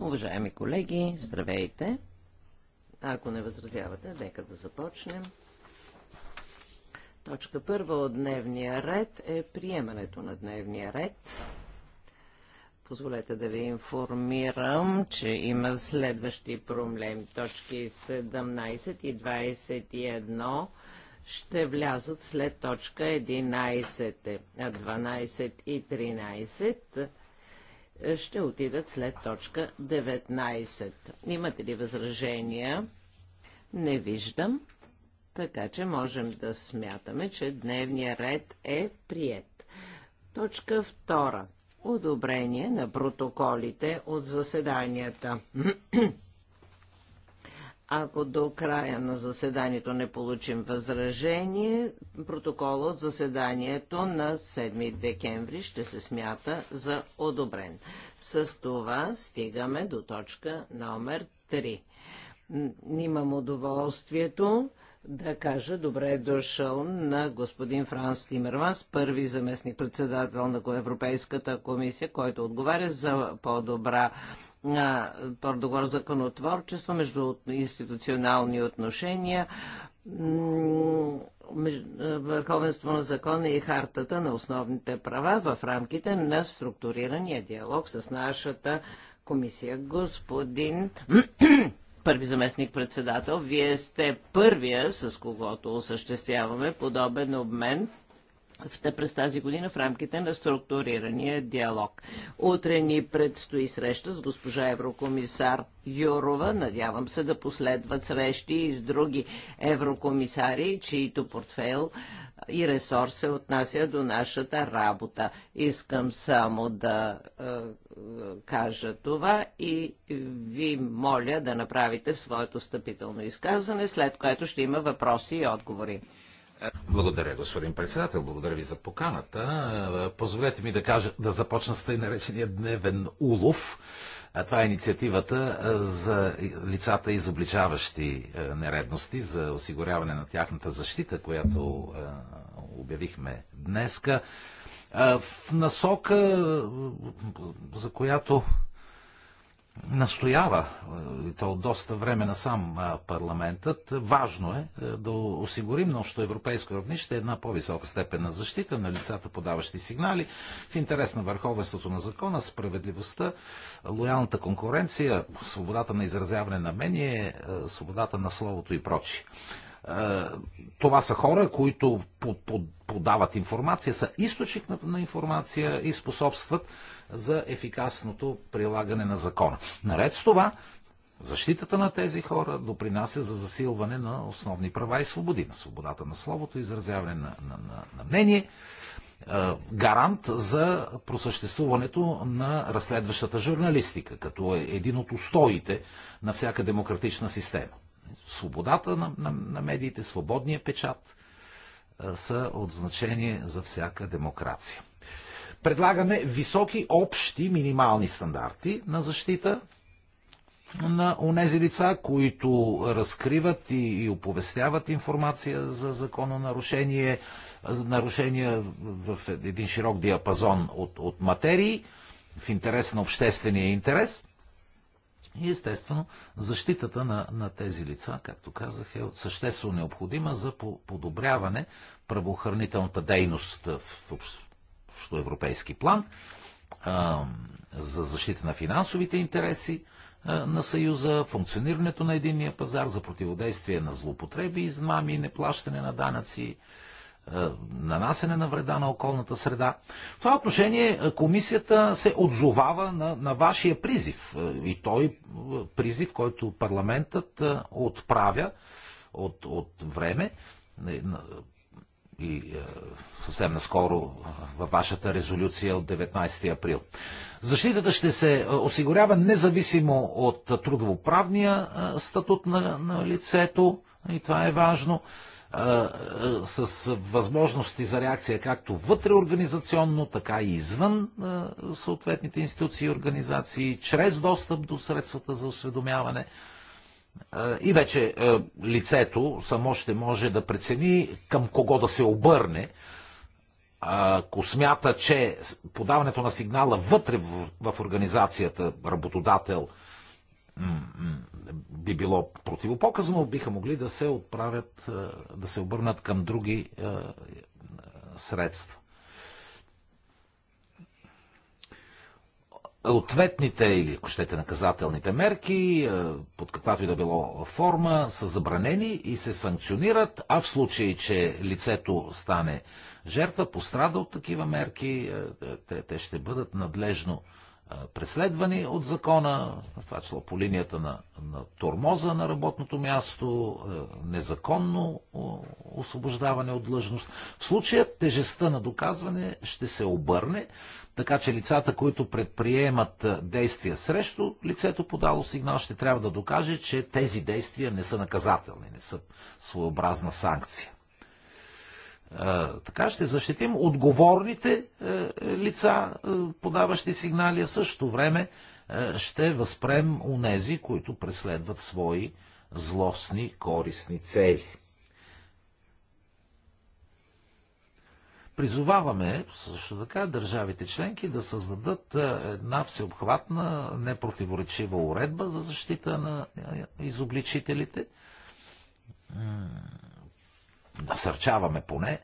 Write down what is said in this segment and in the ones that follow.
Уважаеми колеги, здравейте! Ако не възразявате, нека да започнем. Точка първа от дневния ред е приемането на дневния ред. Позволете да ви информирам, че има следващи проблем. Точки 17 и 21 ще влязат след точка 11, 12 и 13 ще отидат след точка 19. Имате ли възражения? Не виждам. Така че можем да смятаме, че дневния ред е прият. Точка 2. Одобрение на протоколите от заседанията. Ако до края на заседанието не получим възражение, протокол от заседанието на 7 декември ще се смята за одобрен. С това стигаме до точка номер 3. Имам удоволствието да кажа добре е дошъл на господин Франс Тимерманс, първи заместник председател на Европейската комисия, който отговаря за по-добра по договор законотворчество, между институционални отношения, върховенство на закона и хартата на основните права в рамките на структурирания диалог с нашата комисия. Господин първи заместник председател, вие сте първия, с когото осъществяваме подобен обмен през тази година в рамките на структурирания диалог. Утре ни предстои среща с госпожа еврокомисар Юрова. Надявам се да последват срещи и с други еврокомисари, чието портфейл и ресор се отнася до нашата работа. Искам само да е, кажа това и ви моля да направите в своето стъпително изказване, след което ще има въпроси и отговори. Благодаря, господин председател. Благодаря ви за поканата. Позволете ми да, кажа, да започна с тъй наречения дневен улов. това е инициативата за лицата, изобличаващи нередности, за осигуряване на тяхната защита, която обявихме днеска. В насока, за която настоява, е, и то от доста време на сам парламентът, важно е, е да осигурим на общоевропейско равнище една по-висока степен на защита на лицата, подаващи сигнали, в интерес на върховенството на закона, справедливостта, лоялната конкуренция, свободата на изразяване на мнение, е, свободата на словото и прочие. Е, това са хора, които подават информация, са източник на информация и способстват за ефикасното прилагане на закона. Наред с това, защитата на тези хора допринася за засилване на основни права и свободи, на свободата на словото, изразяване на, на, на, на мнение, е, гарант за просъществуването на разследващата журналистика, като е един от устоите на всяка демократична система свободата на, на, на медиите, свободния печат е, са от значение за всяка демокрация. Предлагаме високи общи минимални стандарти на защита на онези лица, които разкриват и, и оповестяват информация за закононарушение, нарушения в един широк диапазон от, от материи в интерес на обществения интерес. И естествено, защитата на, на тези лица, както казах, е от съществено необходима за по подобряване правоохранителната дейност в, в европейски план, а, за защита на финансовите интереси а, на Съюза, функционирането на единния пазар, за противодействие на злоупотреби, измами, неплащане на данъци, е, нанасене на вреда на околната среда. В това отношение е, комисията се отзовава на, на вашия призив. Е, и той призив, който парламентът отправя от, от време и съвсем наскоро във вашата резолюция от 19 април. Защитата ще се осигурява независимо от трудовоправния статут на, на лицето, и това е важно с възможности за реакция както вътре организационно, така и извън съответните институции и организации, чрез достъп до средствата за осведомяване. И вече лицето само ще може да прецени към кого да се обърне, ако смята, че подаването на сигнала вътре в организацията работодател би било противопоказано, биха могли да се отправят, е, да се обърнат към други е, е, средства. Ответните или, ако щете, наказателните мерки, под каквато и да било форма, са забранени и се санкционират, а в случай, че лицето стане жертва, пострада от такива мерки, те, те ще бъдат надлежно преследвани от закона, в това число по линията на, на тормоза на работното място, незаконно освобождаване от длъжност. В случая тежестта на доказване ще се обърне, така че лицата, които предприемат действия срещу лицето подало сигнал, ще трябва да докаже, че тези действия не са наказателни, не са своеобразна санкция така ще защитим отговорните е, лица, е, подаващи сигнали, а в същото време е, ще възпрем унези, които преследват свои злостни, корисни цели. Призоваваме също така държавите членки да създадат една всеобхватна, непротиворечива уредба за защита на изобличителите насърчаваме поне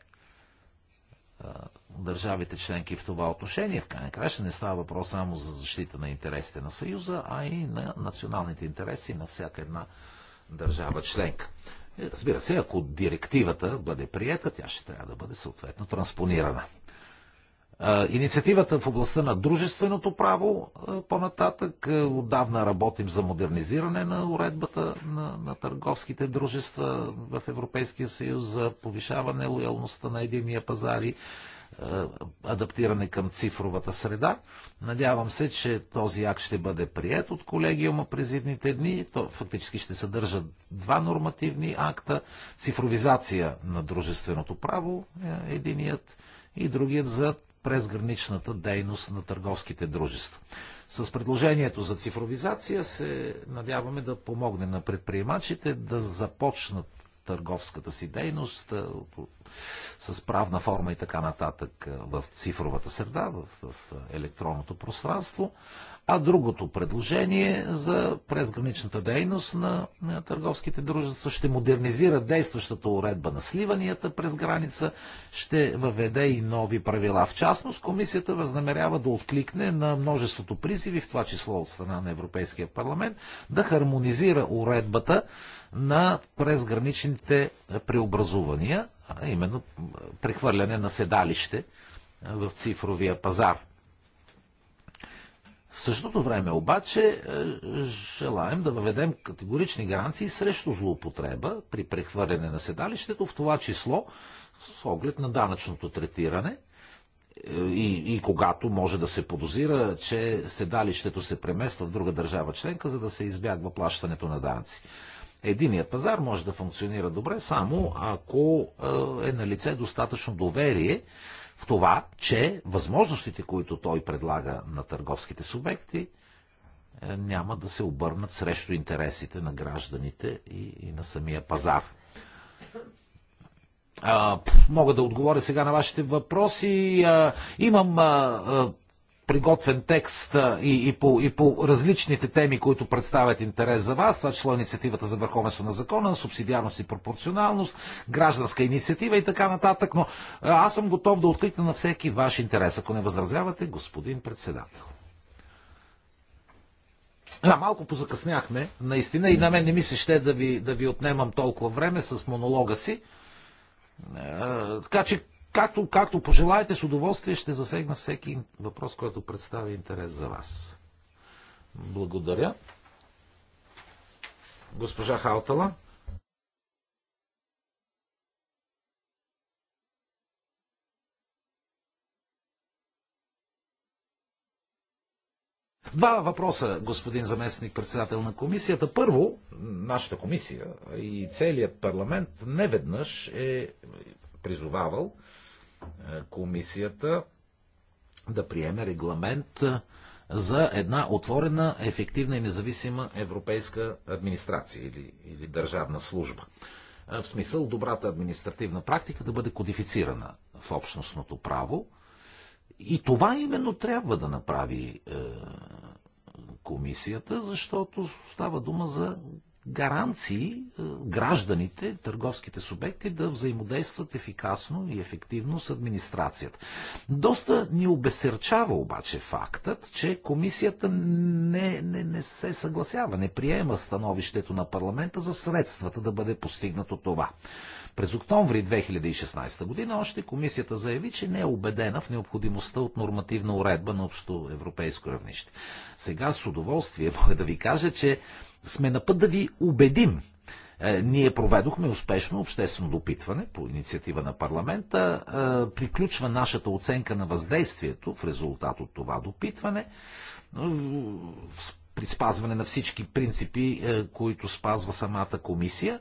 държавите членки в това отношение. В крайна краща не става въпрос само за защита на интересите на Съюза, а и на националните интереси на всяка една държава членка. Е, разбира се, ако директивата бъде приета, тя ще трябва да бъде съответно транспонирана. Инициативата в областта на дружественото право по-нататък. Отдавна работим за модернизиране на уредбата на, на търговските дружества в Европейския съюз, за повишаване лоялността на единия пазар и адаптиране към цифровата среда. Надявам се, че този акт ще бъде прият от колегиума през едните дни. То фактически ще съдържа два нормативни акта. Цифровизация на дружественото право, е, единият и другият за през граничната дейност на търговските дружества. С предложението за цифровизация се надяваме да помогне на предприемачите да започнат търговската си дейност е, с правна форма и така нататък е, в цифровата среда, в, в е, електронното пространство, а другото предложение за презграничната дейност на, търговските дружества ще модернизира действащата уредба на сливанията през граница, ще въведе и нови правила. В частност, комисията възнамерява да откликне на множеството призиви, в това число от страна на Европейския парламент, да хармонизира уредбата на презграничните преобразувания, а именно прехвърляне на седалище в цифровия пазар. В същото време обаче е, желаем да въведем категорични гаранции срещу злоупотреба при прехвърляне на седалището, в това число с оглед на данъчното третиране е, и, и когато може да се подозира, че седалището се премества в друга държава членка, за да се избягва плащането на данъци. Единият пазар може да функционира добре само ако е, е на лице достатъчно доверие в това, че възможностите, които той предлага на търговските субекти, е, няма да се обърнат срещу интересите на гражданите и, и на самия пазар. А, мога да отговоря сега на вашите въпроси. А, имам а, а, приготвен текст и, и, по, и по различните теми, които представят интерес за вас, това число инициативата за върховенство на закона, субсидиарност и пропорционалност, гражданска инициатива и така нататък, но аз съм готов да откликна на всеки ваш интерес, ако не възразявате, господин председател. Да, малко позакъсняхме, наистина, и на мен не ми се ще да ви, да ви отнемам толкова време с монолога си. Така че Както, както пожелаете, с удоволствие ще засегна всеки въпрос, който представя интерес за вас. Благодаря. Госпожа Халтала. Два въпроса, господин заместник председател на комисията. Първо, нашата комисия и целият парламент неведнъж е призовавал е, комисията да приеме регламент е, за една отворена, ефективна и независима европейска администрация или, или държавна служба. Е, в смисъл добрата административна практика да бъде кодифицирана в общностното право. И това именно трябва да направи е, комисията, защото става дума за гаранции е, гражданите, търговските субекти да взаимодействат ефикасно и ефективно с администрацията. Доста ни обесърчава обаче фактът, че комисията не, не, не се съгласява, не приема становището на парламента за средствата да бъде постигнато това. През октомври 2016 година още комисията заяви, че не е убедена в необходимостта от нормативна уредба на общо европейско равнище. Сега с удоволствие мога да ви кажа, че сме на път да ви убедим. Е, ние проведохме успешно обществено допитване по инициатива на парламента. Е, приключва нашата оценка на въздействието в резултат от това допитване при спазване на всички принципи, е, които спазва самата комисия.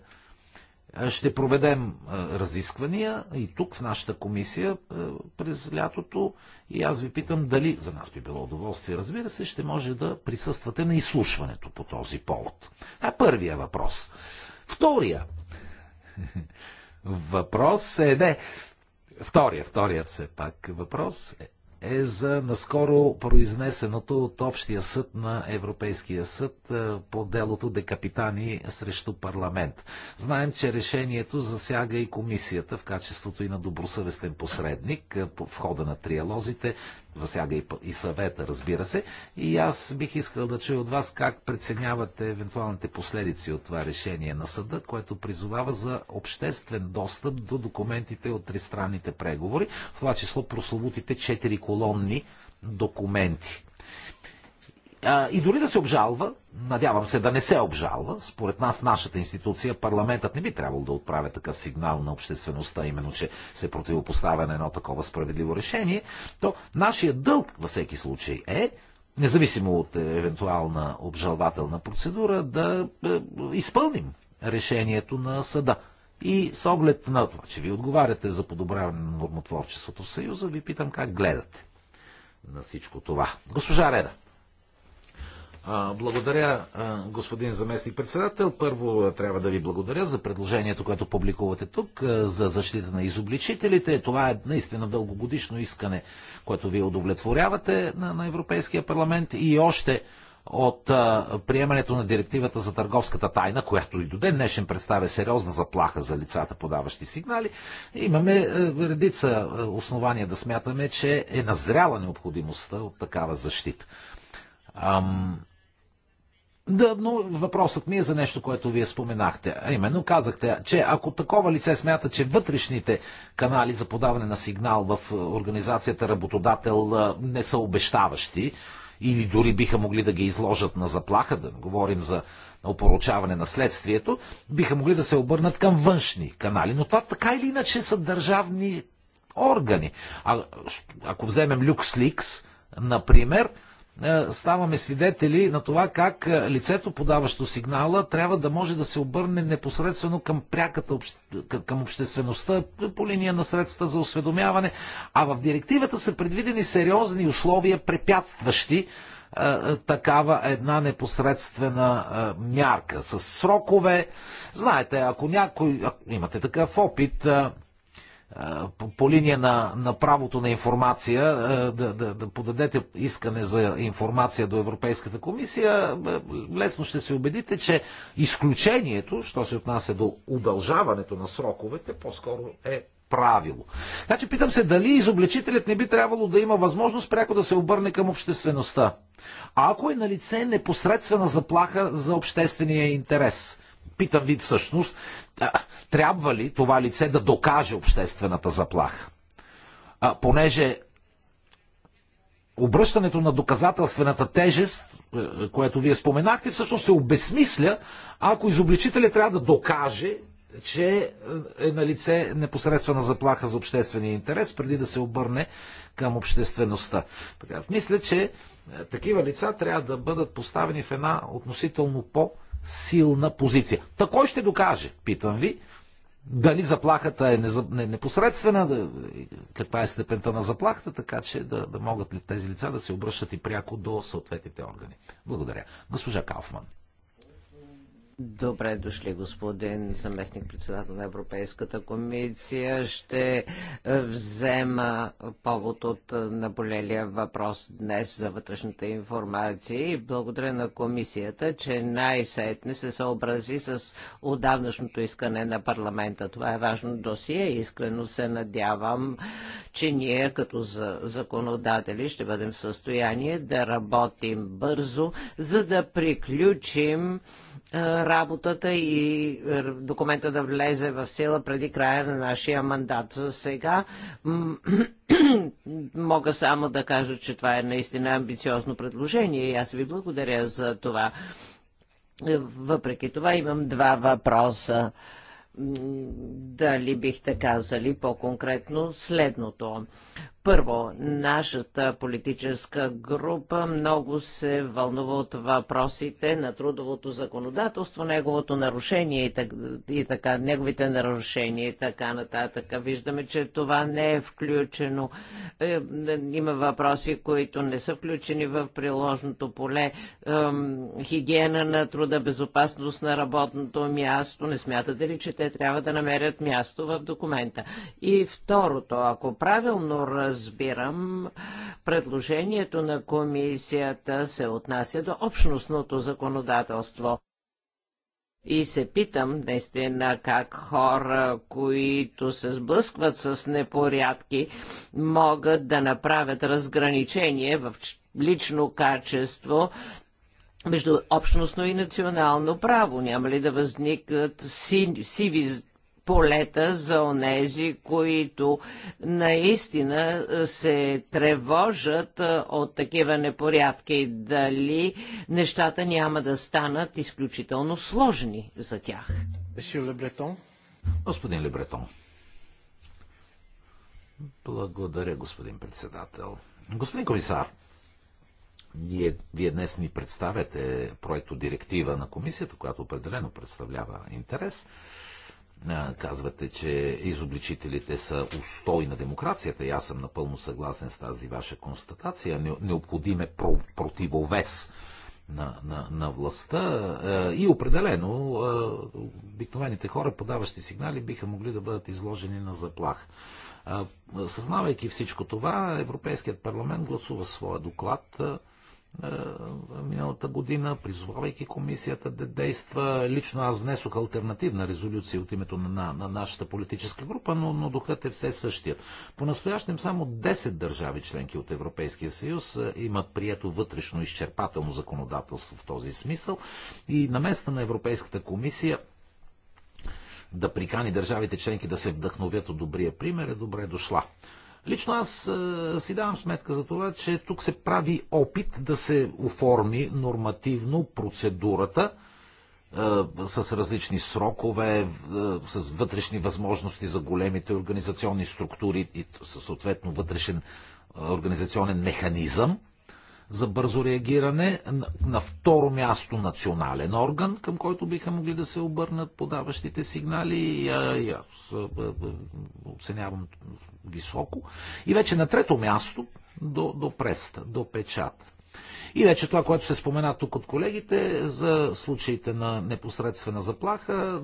Е, ще проведем е, разисквания и тук в нашата комисия е, през лятото и аз ви питам дали, за нас би било удоволствие, разбира се, ще може да присъствате на изслушването по този повод. А първия въпрос. Втория въпрос е, не, втория, втория все пак въпрос е, е за наскоро произнесеното от Общия съд на Европейския съд е, по делото Декапитани срещу парламент. Знаем, че решението засяга и комисията в качеството и на добросъвестен посредник е, в хода на триалозите засяга и, и съвета, разбира се. И аз бих искал да чуя от вас как преценявате евентуалните последици от това решение на съда, което призовава за обществен достъп до документите от тристранните преговори, в това число прословутите четири колонни документи. И дори да се обжалва, надявам се да не се обжалва, според нас нашата институция, парламентът не би трябвало да отправя такъв сигнал на обществеността, именно че се противопоставя на едно такова справедливо решение, то нашия дълг във всеки случай е независимо от е, евентуална обжалвателна процедура, да е, изпълним решението на съда. И с оглед на това, че ви отговаряте за подобряване на нормотворчеството в Съюза, ви питам как гледате на всичко това. Госпожа Реда. Благодаря, господин заместник председател. Първо трябва да ви благодаря за предложението, което публикувате тук за защита на изобличителите. Това е наистина дългогодишно искане, което вие удовлетворявате на, Европейския парламент и още от приемането на директивата за търговската тайна, която и до ден днешен представя сериозна заплаха за лицата, подаващи сигнали, имаме редица основания да смятаме, че е назряла необходимостта от такава защита. Ам, да, но въпросът ми е за нещо, което вие споменахте. А именно казахте, че ако такова лице смята, че вътрешните канали за подаване на сигнал в е, организацията работодател е, не са обещаващи, или дори биха могли да ги изложат на заплаха, да говорим за опоручаване на следствието, биха могли да се обърнат към външни канали. Но това така или иначе са държавни органи. А, ако вземем LuxLeaks, например, е, ставаме свидетели на това как е, лицето, подаващо сигнала, трябва да може да се обърне непосредствено към пряката към обществеността по линия на средства за осведомяване. А в директивата са предвидени сериозни условия, препятстващи е, такава една непосредствена мярка с срокове. Знаете, ако някой, ако имате такъв опит, по, по линия на, на правото на информация да, да, да подадете искане за информация до Европейската комисия, лесно ще се убедите, че изключението, що се отнася до удължаването на сроковете, по-скоро е правило. Значи питам се дали изобличителят не би трябвало да има възможност пряко да се обърне към обществеността. А ако е на лице непосредствена заплаха за обществения интерес, Питам ви всъщност, трябва ли това лице да докаже обществената заплаха? Понеже обръщането на доказателствената тежест, е, което вие споменахте, всъщност се обесмисля, ако изобличителят трябва да докаже, че е, е на лице непосредствена заплаха за обществения интерес, преди да се обърне към обществеността. Така, мисля, че е, такива лица трябва да бъдат поставени в една относително по- силна позиция. Та кой ще докаже, питам ви, дали заплахата е непосредствена, каква е степента на заплахата, така че да, да могат ли тези лица да се обръщат и пряко до съответните органи. Благодаря. Госпожа Кауфман. Добре дошли, господин заместник председател на Европейската комисия. Ще е, взема повод от е, наболелия въпрос днес за вътрешната информация и благодаря на комисията, че най-сетне се съобрази с отдавнашното искане на парламента. Това е важно досие искрено се надявам, че ние като законодатели ще бъдем в състояние да работим бързо, за да приключим работата и е, документа да влезе в сила преди края на нашия мандат. За сега мога само да кажа, че това е наистина амбициозно предложение и аз ви благодаря за това. Е, въпреки това имам два въпроса. Дали бихте казали по-конкретно следното? Първо, нашата политическа група много се вълнува от въпросите на трудовото законодателство, неговото нарушение и така, и така неговите нарушения и така нататък. Виждаме, че това не е включено. Е, има въпроси, които не са включени в приложното поле. Хигиена на труда, безопасност на работното място. Не смятате ли, че те трябва да намерят място в документа? И второто, ако правилно раз разбирам, предложението на комисията се отнася до общностното законодателство. И се питам наистина как хора, които се сблъскват с непорядки, могат да направят разграничение в лично качество между общностно и национално право. Няма ли да възникнат сиви полета за онези, които наистина се тревожат от такива непорядки. Дали нещата няма да станат изключително сложни за тях? Господин Лебретон. Благодаря, господин председател. Господин комисар, ние, вие днес ни представяте проекто директива на комисията, която определено представлява интерес. Казвате, че изобличителите са устой на демокрацията и аз съм напълно съгласен с тази ваша констатация. Необходим е противовес на, на, на властта и определено обикновените хора, подаващи сигнали, биха могли да бъдат изложени на заплах. Съзнавайки всичко това, Европейският парламент гласува своя доклад е, миналата година, призовавайки комисията да действа. Лично аз внесох альтернативна резолюция от името на, на нашата политическа група, но, но духът е все същия. По-настоящем само 10 държави членки от Европейския съюз е, имат прието вътрешно изчерпателно законодателство в този смисъл и на места на Европейската комисия да прикани държавите членки да се вдъхновят от добрия пример е добре дошла. Лично аз а, е, си давам сметка за това, че тук се прави опит да се оформи нормативно процедурата а, е, с различни срокове, а, е, с вътрешни възможности за големите организационни структури и съответно вътрешен организационен механизъм за бързо реагиране. На второ място национален орган, към който биха могли да се обърнат подаващите сигнали. И, и аз оценявам високо. И вече на трето място до, до преста, до печата. И вече това, което се спомена тук от колегите, за случаите на непосредствена заплаха,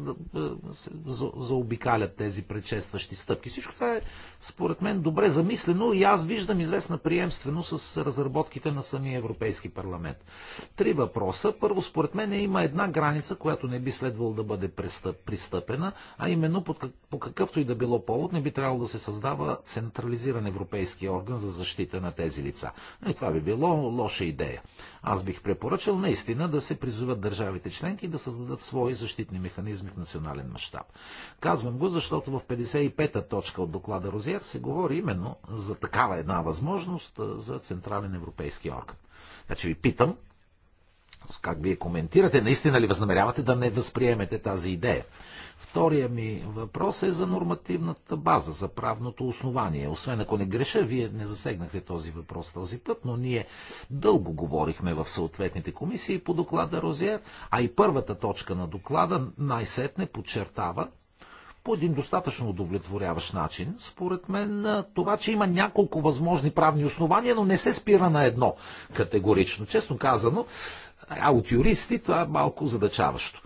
заобикалят тези предшестващи стъпки. Всичко това е, според мен, добре замислено и аз виждам известна приемствено с разработките на самия Европейски парламент. Три въпроса. Първо, според мен има една граница, която не би следвало да бъде пристъпена, а именно по какъвто и да било повод не би трябвало да се създава централизиран европейски орган за защита на тези лица. И това би било лоша идея нея. Аз бих препоръчал наистина да се призоват държавите членки да създадат свои защитни механизми в национален мащаб. Казвам го, защото в 55-та точка от доклада Розиер се говори именно за такава една възможност за Централен европейски орган. Значи ви питам, как вие коментирате, наистина ли възнамерявате да не възприемете тази идея? Втория ми въпрос е за нормативната база, за правното основание. Освен ако не греша, вие не засегнахте този въпрос този път, но ние дълго говорихме в съответните комисии по доклада Розиер, а и първата точка на доклада най-сетне подчертава, по един достатъчно удовлетворяващ начин, според мен, на това, че има няколко възможни правни основания, но не се спира на едно категорично. Честно казано, а от юристи това е малко задачаващо.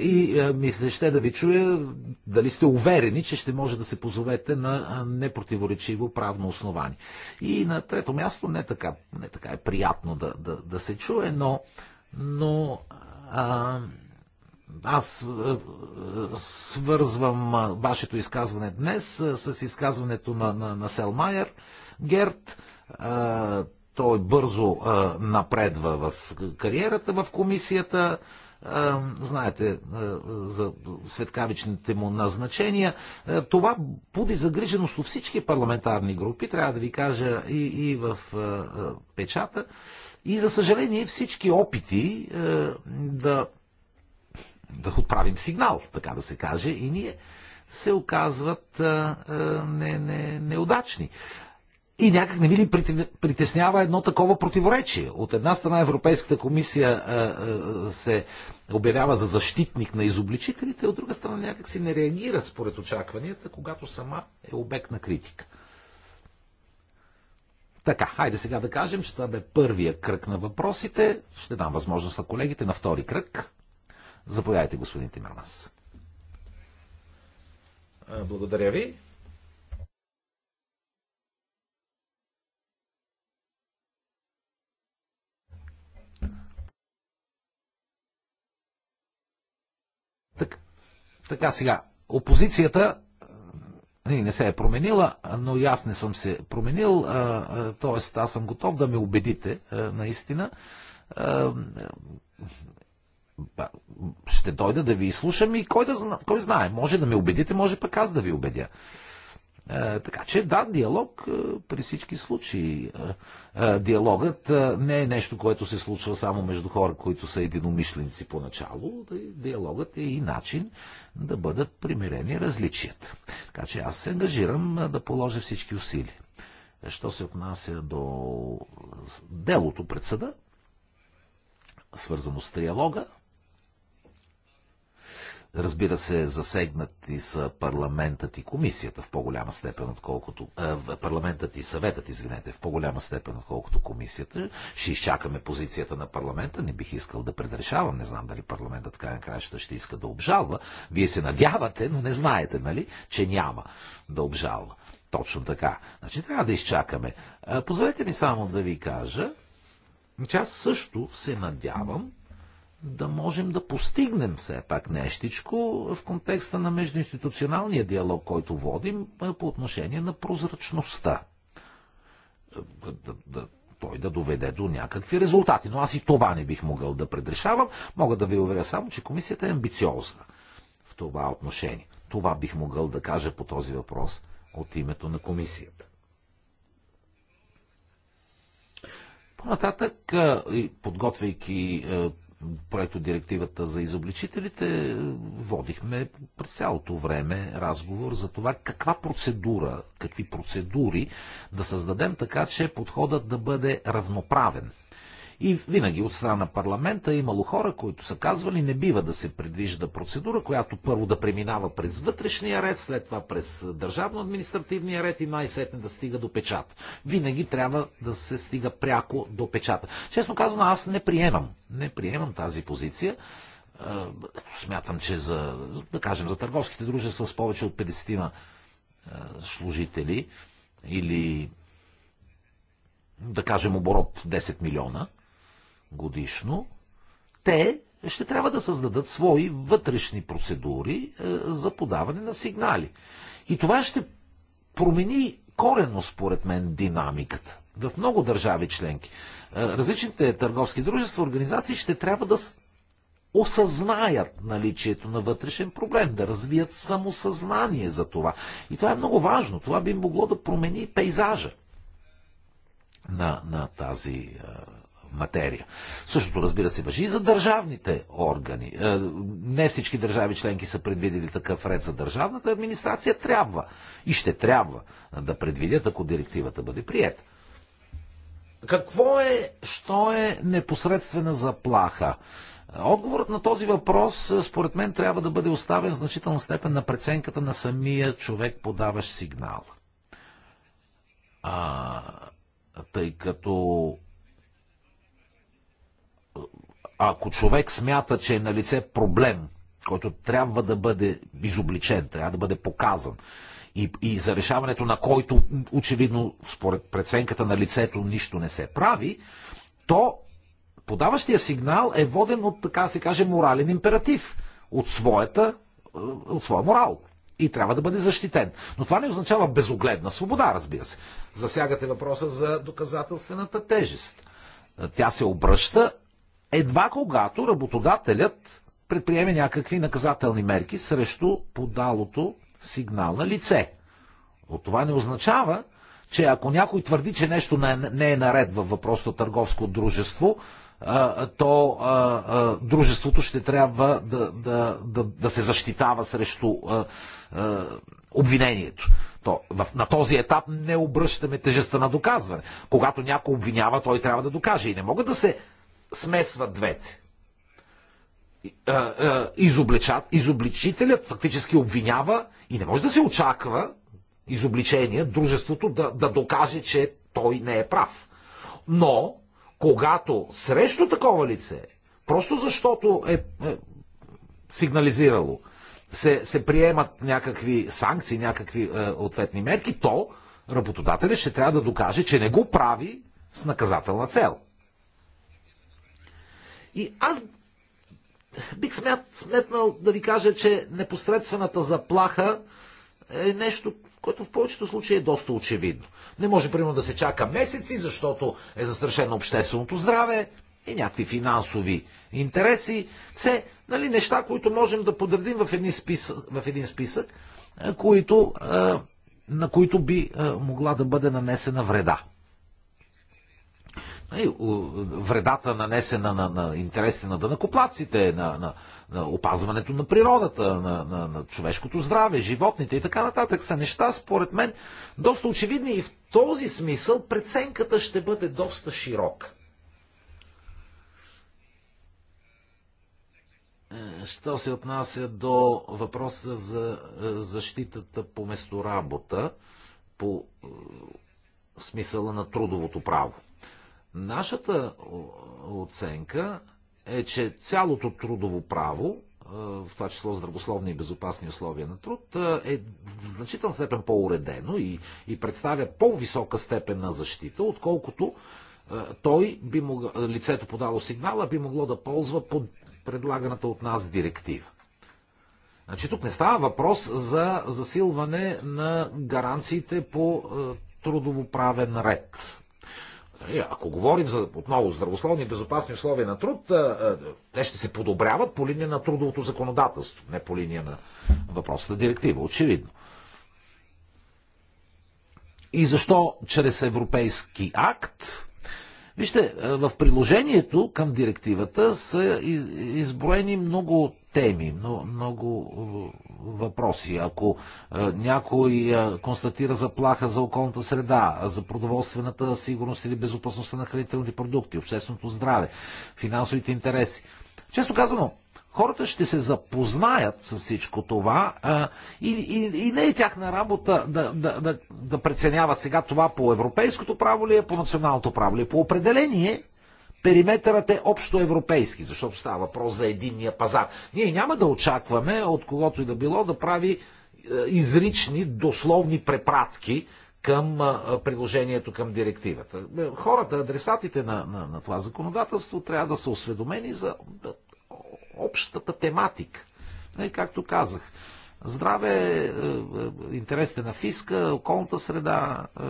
И ми се ще да ви чуя дали сте уверени, че ще може да се позовете на непротиворечиво правно основание. И на трето място, не така, не така е приятно да, да, да се чуе, но, но а, аз свързвам вашето изказване днес с изказването на, на, на Селмайер Герт. А, той бързо а, напредва в кариерата в комисията знаете за светкавичните му назначения. Това буди загриженост у всички парламентарни групи, трябва да ви кажа и, и в печата. И за съжаление всички опити да, да отправим сигнал, така да се каже, и ние се оказват а, а, не, не, неудачни. И някак не ви ли притеснява едно такова противоречие? От една страна Европейската комисия се обявява за защитник на изобличителите, от друга страна някак си не реагира според очакванията, когато сама е обект на критика. Така, хайде сега да кажем, че това бе първия кръг на въпросите. Ще дам възможност на колегите на втори кръг. Заповядайте, господин Тимирмас. Благодаря ви. Така сега, опозицията не, не се е променила, но и аз не съм се променил, т.е. аз съм готов да ме убедите наистина. Ще дойда да ви изслушам и кой, да, кой знае, може да ме убедите, може пък аз да ви убедя. Е, така че, да, диалог е, при всички случаи. Е, диалогът не е нещо, което се случва само между хора, които са единомишленици поначало. Диалогът е и начин да бъдат примирени различията. Така че аз се ангажирам да положа всички усилия. Що се отнася до делото пред съда, свързано с триалога, Разбира се, засегнати са парламентът и комисията в по-голяма степен, отколкото... Е, парламентът и съветът, извинете, в по-голяма степен, отколкото комисията. Ще изчакаме позицията на парламента. Не бих искал да предрешавам. Не знам дали парламентът край на краща ще иска да обжалва. Вие се надявате, но не знаете, нали, че няма да обжалва. Точно така. Значи трябва да изчакаме. Позволете ми само да ви кажа, че аз също се надявам да можем да постигнем все пак нещичко в контекста на междуинституционалния диалог, който водим по отношение на прозрачността. Е, той да доведе до някакви резултати. Но аз и това не бих могъл да предрешавам. Мога да ви уверя само, че комисията е амбициозна в това отношение. Това бих могъл да кажа по този въпрос от името на комисията. нататък е, подготвяйки е, проекто директивата за изобличителите, водихме през цялото време разговор за това каква процедура, какви процедури да създадем така, че подходът да бъде равноправен и винаги от страна на парламента е имало хора, които са казвали, не бива да се предвижда процедура, която първо да преминава през вътрешния ред, след това през държавно-административния ред и най-сетне да стига до печата. Винаги трябва да се стига пряко до печата. Честно казвам, аз не приемам. Не приемам тази позиция смятам, че за, да кажем, за търговските дружества с повече от 50 на служители или да кажем оборот 10 милиона, годишно, те ще трябва да създадат свои вътрешни процедури е, за подаване на сигнали. И това ще промени корено, според мен, динамиката в много държави членки. Е, различните търговски дружества, организации ще трябва да осъзнаят наличието на вътрешен проблем, да развият самосъзнание за това. И това е много важно. Това би могло да промени пейзажа на, на тази е, материя. Същото, разбира се, въжи и за държавните органи. Е, не всички държави членки са предвидели такъв ред за държавната администрация. Трябва и ще трябва да предвидят, ако директивата бъде приета. Какво е, що е непосредствена заплаха? Отговорът на този въпрос, е, според мен, трябва да бъде оставен в значителна степен на преценката на самия човек, подаващ сигнал. А, тъй като ако човек смята, че е на лице проблем, който трябва да бъде изобличен, трябва да бъде показан, и, и за решаването на който, очевидно, според преценката на лицето, нищо не се прави, то подаващия сигнал е воден от, така се каже, морален императив, от, своята, е, от своя морал. И трябва да бъде защитен. Но това не означава безогледна свобода, разбира се. Засягате въпроса за доказателствената тежест. Тя се обръща едва когато работодателят предприеме някакви наказателни мерки срещу подалото сигнал на лице. От това не означава, че ако някой твърди, че нещо не е наред във въпросното търговско дружество, то дружеството ще трябва да, да, да, да се защитава срещу обвинението. То, в, на този етап не обръщаме тежеста на доказване. Когато някой обвинява, той трябва да докаже. И не могат да се смесва двете. изобличителят фактически обвинява и не може да се очаква изобличение, дружеството да, да докаже, че той не е прав. Но, когато срещу такова лице, просто защото е, е сигнализирало, се, се приемат някакви санкции, някакви е, ответни мерки, то работодателят ще трябва да докаже, че не го прави с наказателна цел. И аз бих смят, сметнал да ви кажа, че непосредствената заплаха е нещо, което в повечето случаи е доста очевидно. Не може, примерно, да се чака месеци, защото е застрашено общественото здраве и някакви финансови интереси. Все, нали, неща, които можем да подредим в, един списък, в един списък които, на които би могла да бъде нанесена вреда. Е, вредата нанесена на, на интересите на дънакоплаците, на, на, на опазването на природата, на, на, на човешкото здраве, животните и така нататък са неща, според мен, доста очевидни и в този смисъл преценката ще бъде доста широка. Е, що се отнася до въпроса за е, защитата по месторабота, по смисъла на трудовото право. Нашата оценка е, че цялото трудово право, е, в това число здравословни и безопасни условия на труд, е, е в значителна степен по-уредено и, и представя по-висока степен на защита, отколкото е, той би могло, лицето подало сигнала би могло да ползва под предлаганата от нас директива. Значи тук не става въпрос за засилване на гаранциите по трудовоправен ред. Е, ако говорим за отново здравословни и безопасни условия на труд, те ще се подобряват по линия на трудовото законодателство, не по линия на въпросната директива, очевидно. И защо чрез европейски акт Вижте, е, в приложението към директивата са изброени много теми, много е, въпроси. Ако е, някой констатира заплаха за околната среда, за продоволствената сигурност или безопасността на хранителните продукти, общественото здраве, финансовите интереси, често казано, хората ще се запознаят с всичко това а, и, и, и не е тяхна работа да, да, да, да преценяват сега това по европейското право ли е, по националното право ли е. По определение периметърът е общо европейски, защото става въпрос за единния пазар. Ние няма да очакваме от когото и да било да прави е, изрични, дословни препратки към е, приложението към директивата. Е, хората, адресатите на, на, на това законодателство трябва да са осведомени за общата тематика. И както казах, здраве, е, е, интересите на фиска, околната среда, е,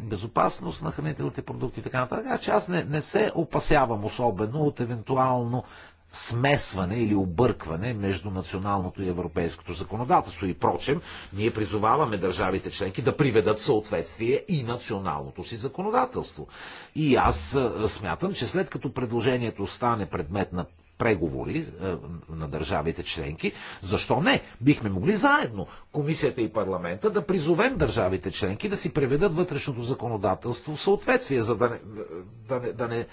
безопасност на хранителните продукти и така нататък. Така че аз не, не се опасявам особено от евентуално смесване или объркване между националното и европейското законодателство. И прочем, ние призоваваме държавите членки да приведат съответствие и националното си законодателство. И аз смятам, че след като предложението стане предмет на преговори е, на държавите членки. Защо не? Бихме могли заедно, комисията и парламента, да призовем държавите членки да си преведат вътрешното законодателство в съответствие, за да не, да не, да не е,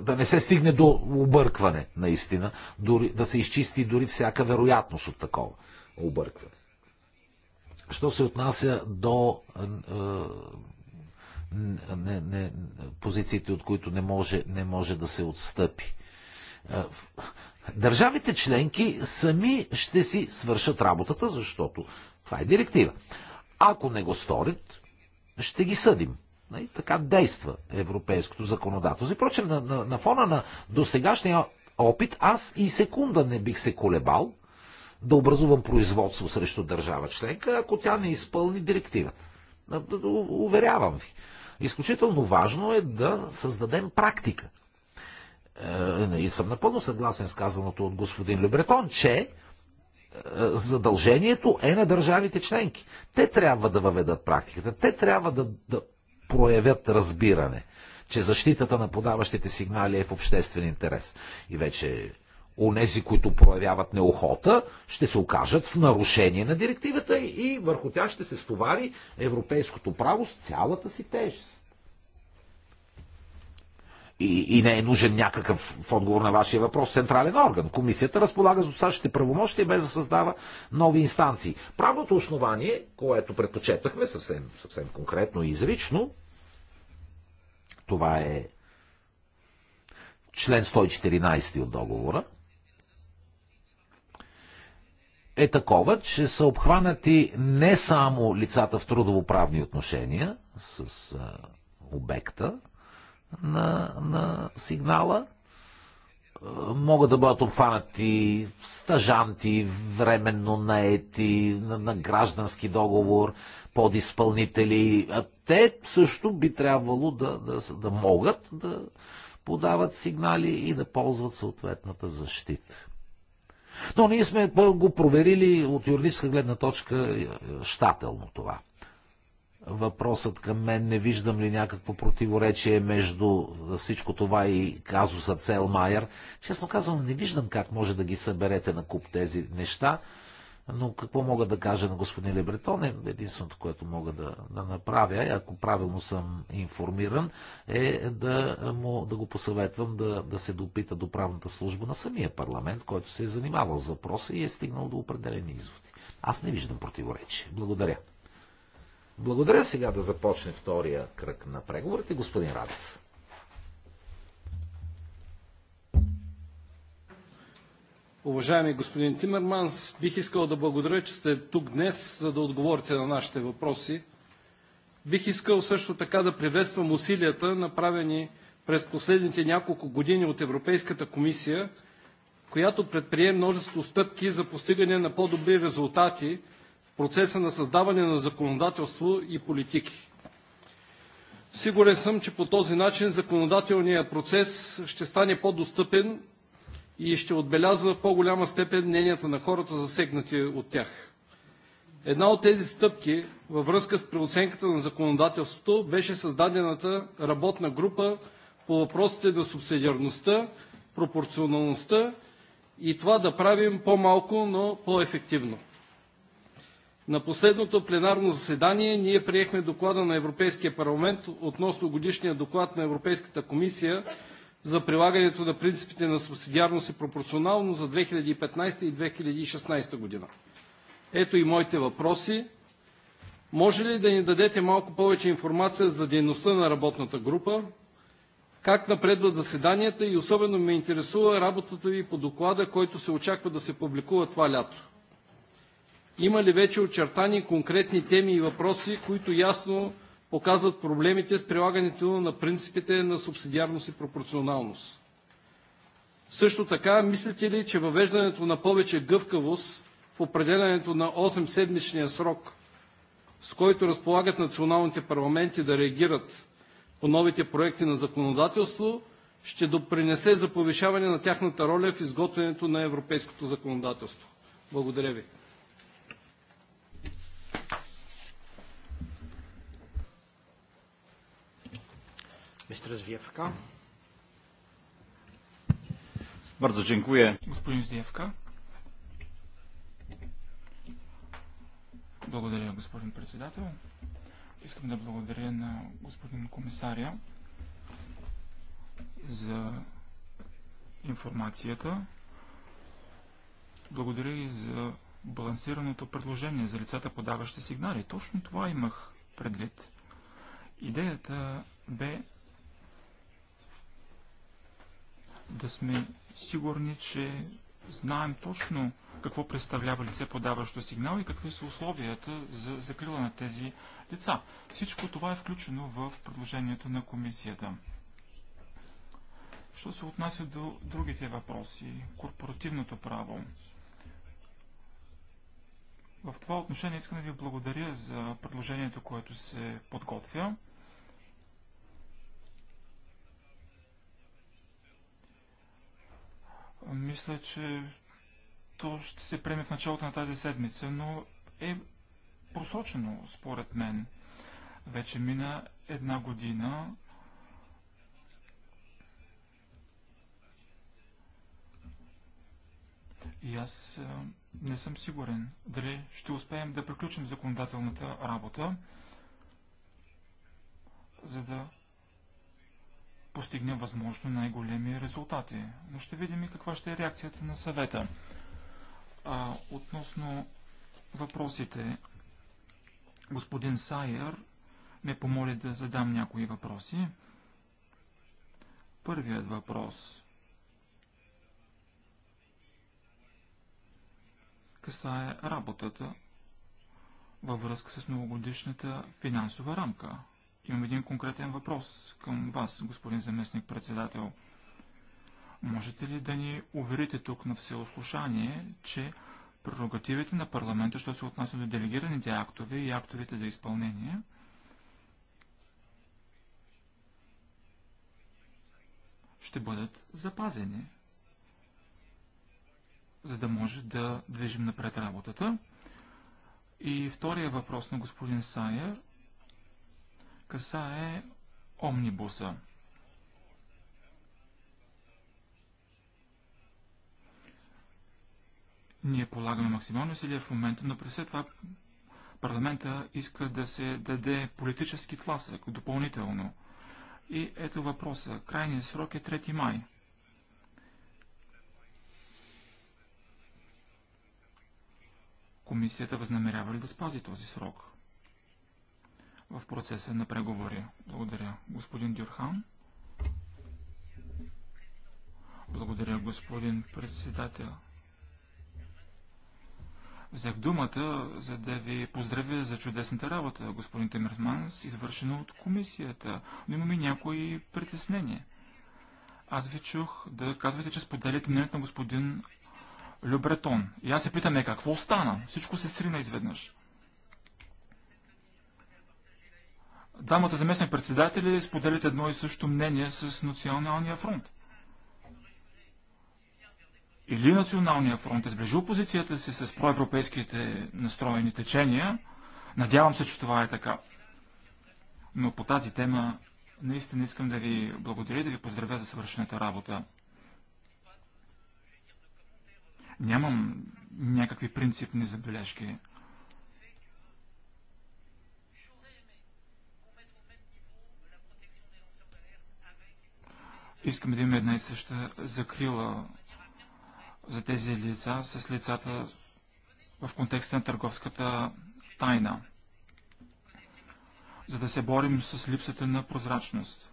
да не се стигне до объркване, наистина, дори, да се изчисти дори всяка вероятност от такова объркване. Що се отнася до е, не, не, позициите, от които не може, не може да се отстъпи. Е, държавите членки сами ще си свършат работата, защото това е директива. Ако не го сторят, ще ги съдим. И така действа европейското законодателство. И прочим, на, на, на фона на досегашния опит, аз и секунда не бих се колебал да образувам производство срещу държава членка, ако тя не изпълни директивата. Е, е, уверявам ви. Изключително важно е да създадем практика – е, и нали, съм напълно съгласен с казаното от господин Любретон, че е, задължението е на държавите членки. Те трябва да въведат практиката, те трябва да, да проявят разбиране, че защитата на подаващите сигнали е в обществен интерес. И вече онези, които проявяват неохота, ще се окажат в нарушение на директивата и върху тях ще се стовари европейското право с цялата си тежест. И, и не е нужен някакъв, в отговор на вашия въпрос, централен орган. Комисията разполага с достатъчните правомощи, без да създава нови инстанции. Правното основание, което предпочетахме съвсем, съвсем конкретно и изрично, това е член 114 от договора, е такова, че са обхванати не само лицата в трудовоправни отношения с обекта, на, на сигнала. Могат да бъдат обхванати стажанти, временно наети, на, на граждански договор, подизпълнители. А те също би трябвало да, да, да могат да подават сигнали и да ползват съответната защита. Но ние сме го проверили от юридическа гледна точка е, е, щателно това въпросът към мен, не виждам ли някакво противоречие между всичко това и казуса Целмайер. Честно казвам, не виждам как може да ги съберете на куп тези неща, но какво мога да кажа на господин Лебретон е единственото, което мога да, да направя, ако правилно съм информиран, е да, му, да го посъветвам да, да се допита до правната служба на самия парламент, който се е занимавал с въпроса и е стигнал до определени изводи. Аз не виждам противоречие. Благодаря. Благодаря сега да започне втория кръг на преговорите. Господин Радев. Уважаеми господин Тимерманс, бих искал да благодаря, че сте тук днес, за да отговорите на нашите въпроси. Бих искал също така да приветствам усилията, направени през последните няколко години от Европейската комисия, която предприе множество стъпки за постигане на по-добри резултати процеса на създаване на законодателство и политики. Сигурен съм, че по този начин законодателният процес ще стане по-достъпен и ще отбелязва в по-голяма степен мненията на хората, засегнати от тях. Една от тези стъпки във връзка с преоценката на законодателството беше създадената работна група по въпросите на субсидиарността, пропорционалността и това да правим по-малко, но по-ефективно. На последното пленарно заседание ние приехме доклада на Европейския парламент относно годишния доклад на Европейската комисия за прилагането на принципите на субсидиарност и пропорционално за 2015 и 2016 година. Ето и моите въпроси. Може ли да ни дадете малко повече информация за дейността на работната група? Как напредват заседанията и особено ме интересува работата ви по доклада, който се очаква да се публикува това лято? Има ли вече очертани конкретни теми и въпроси, които ясно показват проблемите с прилагането на принципите на субсидиарност и пропорционалност? Също така, мислите ли, че въвеждането на повече гъвкавост в определянето на 8-седмичния срок, с който разполагат националните парламенти да реагират по новите проекти на законодателство, ще допринесе за повишаване на тяхната роля в изготвянето на европейското законодателство? Благодаря ви. Mr. Zwiewka. Bardzo dziękuję. Господин Зиевка. Благодаря, господин председател. Искам да благодаря на господин комисаря за информацията. Благодаря и за балансираното предложение за лицата подаващи сигнали. Точно това имах предвид. Идеята бе да сме сигурни, че знаем точно какво представлява лице подаващо сигнал и какви са условията за закрила на тези лица. Всичко това е включено в предложението на комисията. Що се отнася до другите въпроси, корпоративното право. В това отношение искам да ви благодаря за предложението, което се подготвя. Мисля, че то ще се приеме в началото на тази седмица, но е просочено, според мен. Вече мина една година. И аз не съм сигурен дали ще успеем да приключим законодателната работа, за да постигнем възможно най-големи резултати. Но ще видим и каква ще е реакцията на съвета. А, относно въпросите, господин Сайер ме помоли да задам някои въпроси. Първият въпрос касае работата във връзка с новогодишната финансова рамка – Имам един конкретен въпрос към вас, господин заместник председател. Можете ли да ни уверите тук на всеослушание, че прерогативите на парламента, що се отнася до делегираните актове и актовете за изпълнение, ще бъдат запазени, за да може да движим напред работата. И втория въпрос на господин Сайер – касае омнибуса. Ние полагаме максимални усилия в момента, но през това парламента иска да се даде политически тласък допълнително. И ето въпроса. Крайният срок е 3 май. Комисията възнамерява ли да спази този срок? в процеса на преговори. Благодаря. Господин Дюрхан. Благодаря, господин председател. Взех думата, за да ви поздравя за чудесната работа, господин Темерманс, извършена от комисията, но имаме някои притеснения. Аз ви чух да казвате, че споделяте мнението на господин Любретон. И аз се питаме какво стана. Всичко се срина изведнъж. Двамата заместни председатели споделят едно и също мнение с Националния фронт. Или Националния фронт е сближил позицията си с проевропейските настроени течения. Надявам се, че това е така. Но по тази тема наистина искам да ви благодаря и да ви поздравя за свършената работа. Нямам някакви принципни забележки. Искаме да има една и съща закрила за тези лица с лицата в контекста на търговската тайна, за да се борим с липсата на прозрачност.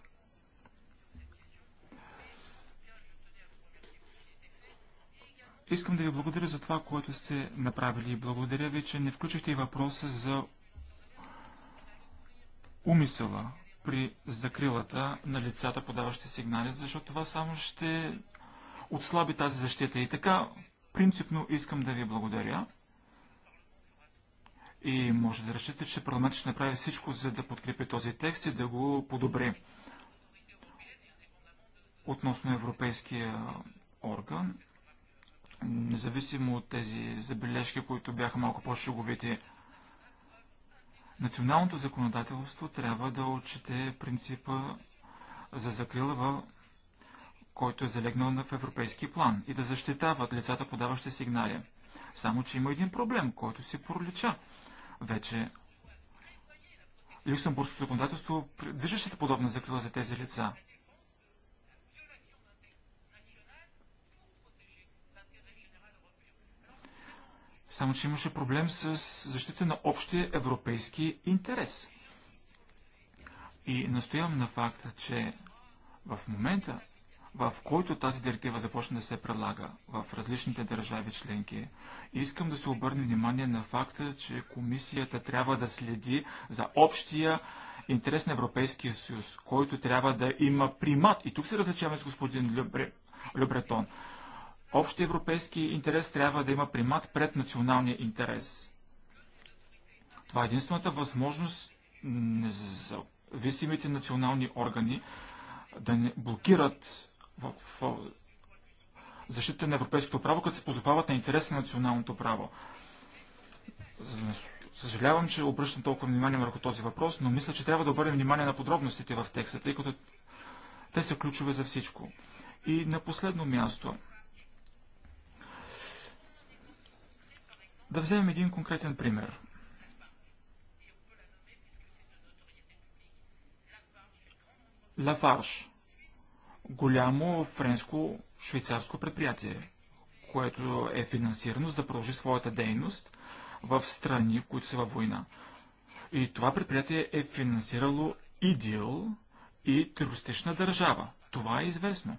Искам да ви благодаря за това, което сте направили. Благодаря ви, че не включихте и въпроса за умисъла, при закрилата на лицата, подаващи сигнали, защото това само ще отслаби тази защита. И така, принципно искам да ви благодаря. И може да решите, че парламент ще направи всичко, за да подкрепи този текст и да го подобри. Относно европейския орган, независимо от тези забележки, които бяха малко по-шуговите, Националното законодателство трябва да отчете принципа за закрила, в... който е залегнал в европейски план и да защитават лицата, подаващи сигнали. Само, че има един проблем, който си пролича. Вече Люксембургското законодателство движещата подобна закрила за тези лица. Само, че имаше проблем с защита на общия европейски интерес. И настоявам на факта, че в момента, в който тази директива започне да се предлага в различните държави членки, искам да се обърне внимание на факта, че комисията трябва да следи за общия интерес на Европейския съюз, който трябва да има примат. И тук се различаваме с господин Любретон. Общи европейски интерес трябва да има примат пред националния интерес. Това е единствената възможност независимите национални органи да не блокират в, защита на европейското право, като се позовават на интерес на националното право. Съжалявам, че обръщам толкова внимание върху този въпрос, но мисля, че трябва да обърнем внимание на подробностите в текста, тъй като те са ключове за всичко. И на последно място – Да вземем един конкретен пример. Лафарш – голямо френско-швейцарско предприятие, което е финансирано за да продължи своята дейност в страни, в които са във война. И това предприятие е финансирало ИДИЛ и терористична държава. Това е известно.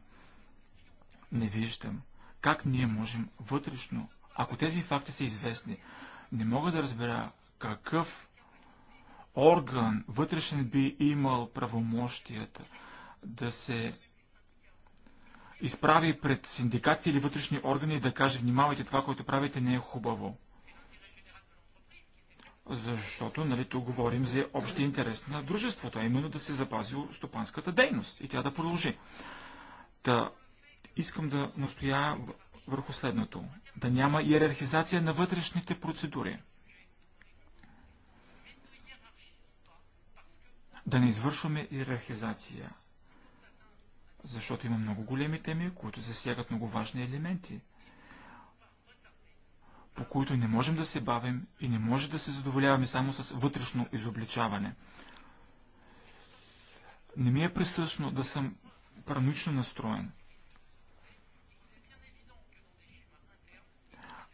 Не виждам как ние можем вътрешно ако тези факти са известни, не мога да разбера какъв орган вътрешен би имал правомощията да се изправи пред синдикати или вътрешни органи и да каже, внимавайте, това, което правите не е хубаво. Защото, нали, тук говорим за общия интерес на дружеството, а именно да се запази стопанската дейност и тя да продължи. Та, искам да настоя върху следното. Да няма иерархизация на вътрешните процедури. Да не извършваме иерархизация. Защото има много големи теми, които засягат много важни елементи, по които не можем да се бавим и не може да се задоволяваме само с вътрешно изобличаване. Не ми е присъщно да съм параноично настроен.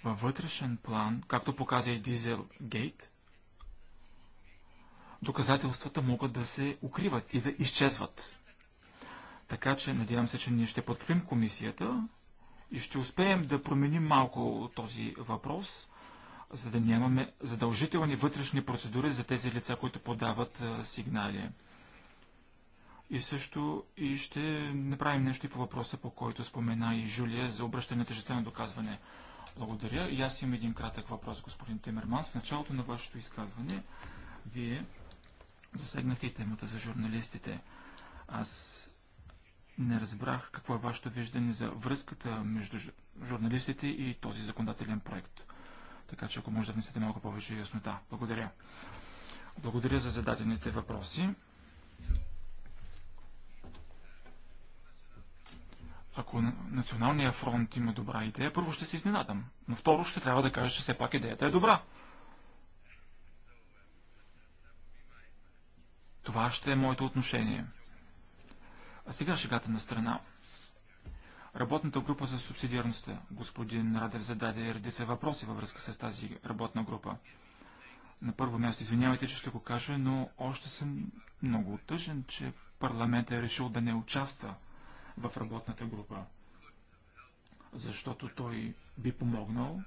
Във вътрешен план, както показа и Дизел Гейт, доказателствата могат да се укриват и да изчезват. Така че надявам се, че ние ще подкрепим комисията и ще успеем да променим малко този въпрос, за да нямаме задължителни вътрешни процедури за тези лица, които подават сигнали. И също и ще направим нещо и по въпроса, по който спомена и Жулия за обръщане тежестта на доказване. Благодаря. И аз имам един кратък въпрос, господин Темерманс. В началото на вашето изказване вие засегнахте темата за журналистите. Аз не разбрах какво е вашето виждане за връзката между журналистите и този законодателен проект. Така че ако може да внесете малко повече яснота. Благодаря. Благодаря за зададените въпроси. Ако Националния фронт има добра идея, първо ще се изненадам. Но второ ще трябва да кажа, че все пак идеята е добра. Това ще е моето отношение. А сега шегата на страна. Работната група за субсидиарността. Господин Радев зададе редица въпроси във връзка с тази работна група. На първо място, извинявайте, че ще го кажа, но още съм много тъжен, че парламентът е решил да не участва в работната група, защото той би помогнал.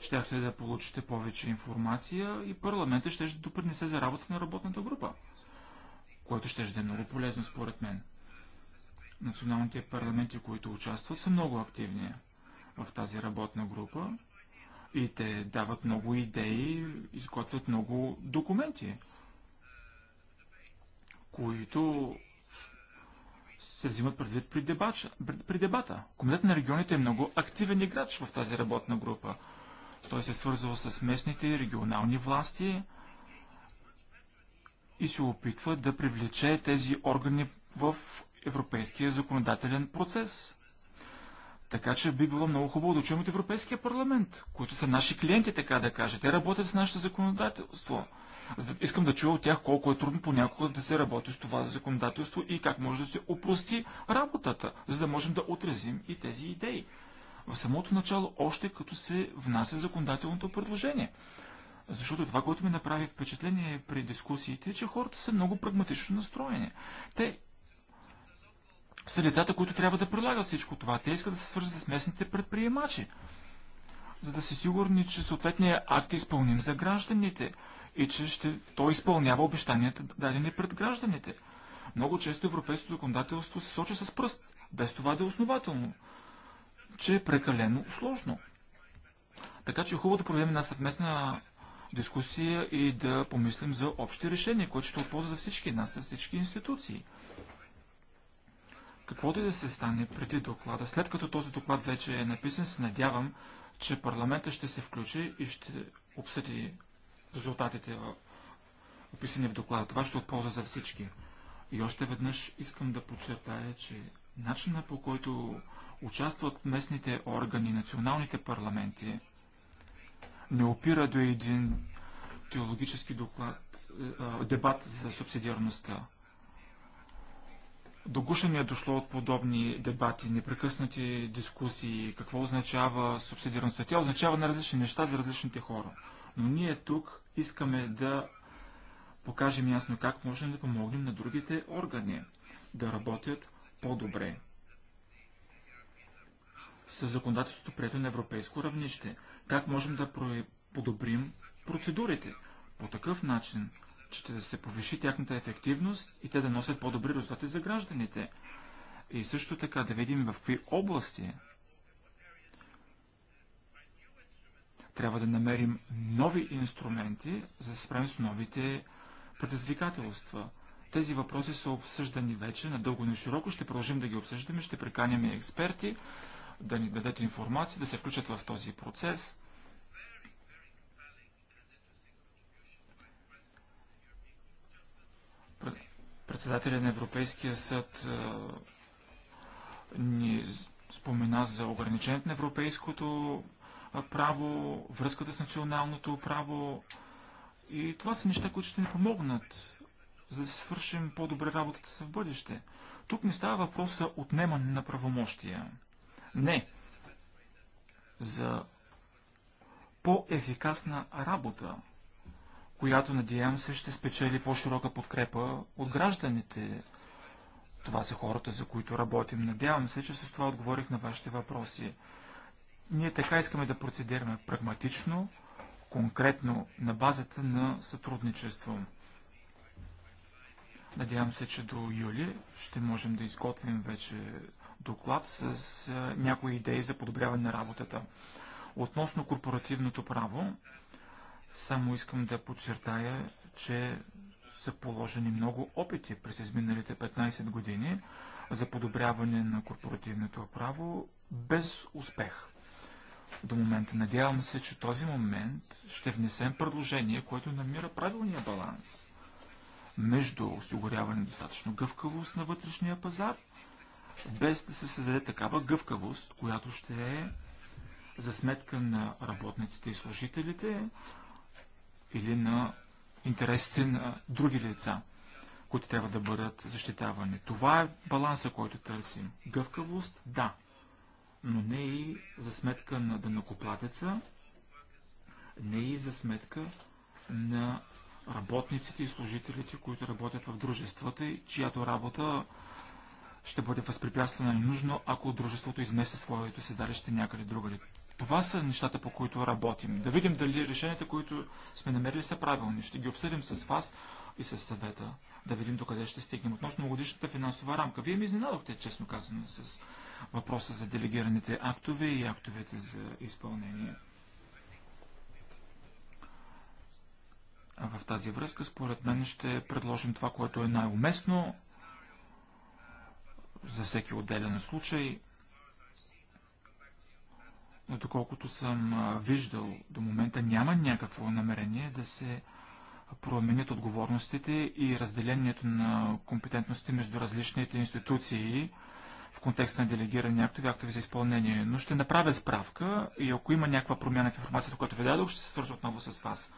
Щяхте да получите повече информация и парламента ще ще допринесе за работа на работната група, което ще да е много полезно според мен. Националните парламенти, които участват, са много активни в тази работна група и те дават много идеи, изготвят много документи, които се взимат предвид при, дебач, при дебата. Комитет на регионите е много активен играч в тази работна група. Той се е свързва с местните и регионални власти и се опитва да привлече тези органи в европейския законодателен процес. Така че би било много хубаво да чуем от Европейския парламент, които са наши клиенти, така да кажа. Те работят с нашето законодателство. Искам да чуя от тях колко е трудно понякога да се работи с това законодателство и как може да се опрости работата, за да можем да отразим и тези идеи. В самото начало, още като се внася законодателното предложение. Защото това, което ми направи впечатление при дискусиите, е, че хората са много прагматично настроени. Те са лицата, които трябва да прилагат всичко това. Те искат да се свържат с местните предприемачи, за да са сигурни, че съответният акт е изпълним за гражданите и е, че ще, той изпълнява обещанията дадени пред гражданите. Много често европейското законодателство се сочи с пръст, без това да е основателно, че е прекалено сложно. Така че е хубаво да проведем една съвместна дискусия и да помислим за общи решения, което ще е отползва за всички нас, за всички институции. Каквото и да се стане преди доклада, след като този доклад вече е написан, се надявам, че парламента ще се включи и ще обсъди резултатите, описани в доклада. Това ще отползва е от полза за всички. И още веднъж искам да подчертая, че начина по който участват местните органи, националните парламенти, не опира до един теологически доклад, е, дебат за субсидиарността. Догуша ми е дошло от подобни дебати, непрекъснати дискусии, какво означава субсидиарността. Тя означава на различни неща за различните хора. Но ние тук Искаме да покажем ясно как можем да помогнем на другите органи да работят по-добре с законодателството прието на европейско равнище. Как можем да подобрим процедурите по такъв начин, че ще да се повиши тяхната ефективност и те да носят по-добри резултати за гражданите. И също така да видим в какви области Трябва да намерим нови инструменти, за да се справим с новите предизвикателства. Тези въпроси са обсъждани вече надълго и широко. Ще продължим да ги обсъждаме, ще приканяме експерти да ни дадат информация, да се включат в този процес. Председателя на Европейския съд ни спомена за ограничението на европейското право, връзката с националното право. И това са неща, които ще ни помогнат, за да си свършим по-добре работата си в бъдеще. Тук не става въпрос за отнемане на правомощия. Не. За по-ефикасна работа, която надявам се ще спечели по-широка подкрепа от гражданите. Това са хората, за които работим. Надявам се, че с това отговорих на вашите въпроси. Ние така искаме да процедираме прагматично, конкретно на базата на сътрудничество. Надявам се, че до юли ще можем да изготвим вече доклад с някои идеи за подобряване на работата. Относно корпоративното право, само искам да подчертая, че са положени много опити през изминалите 15 години за подобряване на корпоративното право без успех до момента. Надявам се, че този момент ще внесем предложение, което намира правилния баланс между осигуряване на достатъчно гъвкавост на вътрешния пазар, без да се създаде такава гъвкавост, която ще е за сметка на работниците и служителите или на интересите на други лица, които трябва да бъдат защитавани. Това е баланса, който търсим. Гъвкавост – да но не и за сметка на дънокоплатеца, не и за сметка на работниците и служителите, които работят в дружествата и чиято работа ще бъде възпрепятствана нужно, ако дружеството измести своето седалище някъде другаде. Това са нещата, по които работим. Да видим дали решенията, които сме намерили, са правилни. Ще ги обсъдим с вас и с съвета. Да видим докъде ще стигнем. Относно годишната финансова рамка. Вие ми изненадохте, честно казано, с въпроса за делегираните актове и актовете за изпълнение. В тази връзка, според мен, ще предложим това, което е най-уместно за всеки отделен случай. Но доколкото съм виждал до момента, няма някакво намерение да се променят отговорностите и разделението на компетентности между различните институции в контекста на делегирани актови, актови за изпълнение. Но ще направя справка и ако има някаква промяна в информацията, която ви дадох, ще се свържа отново с вас.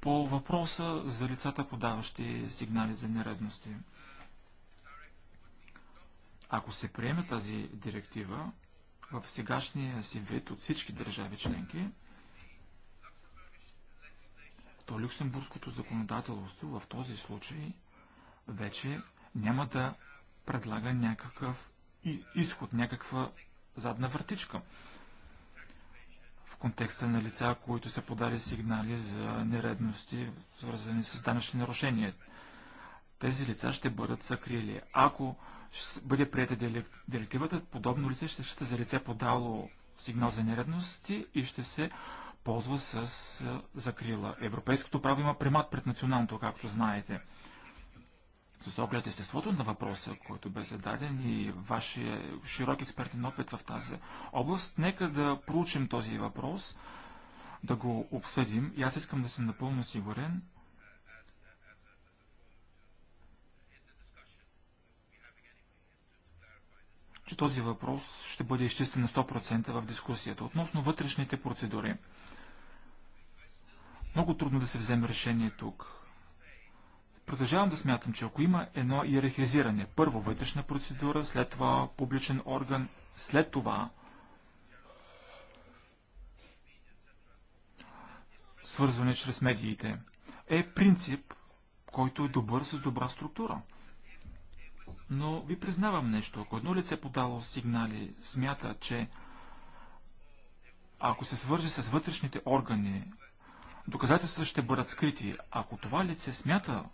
По въпроса за лицата, подаващи сигнали за нередности. Ако се приеме тази директива в сегашния си вид от всички държави членки, то люксембургското законодателство в този случай вече няма да предлага някакъв изход, някаква задна вратичка. В контекста на лица, които са подали сигнали за нередности, свързани с данъчни нарушения. Тези лица ще бъдат закрили. Ако бъде приятел директивата, подобно лице ще счита за лице подало сигнал за нередности и ще се ползва с закрила. Европейското право има примат пред националното, както знаете. С оглед естеството на въпроса, който бе зададен и вашия широк експертен опит в тази област, нека да проучим този въпрос, да го обсъдим. И аз искам да съм напълно сигурен, че този въпрос ще бъде изчистен на 100% в дискусията. Относно вътрешните процедури. Много трудно да се вземе решение тук. Продължавам да смятам, че ако има едно иерархизиране, първо вътрешна процедура, след това публичен орган, след това свързване чрез медиите, е принцип, който е добър с добра структура. Но ви признавам нещо. Ако едно лице подало сигнали, смята, че ако се свържи с вътрешните органи, доказателствата ще бъдат скрити. Ако това лице смята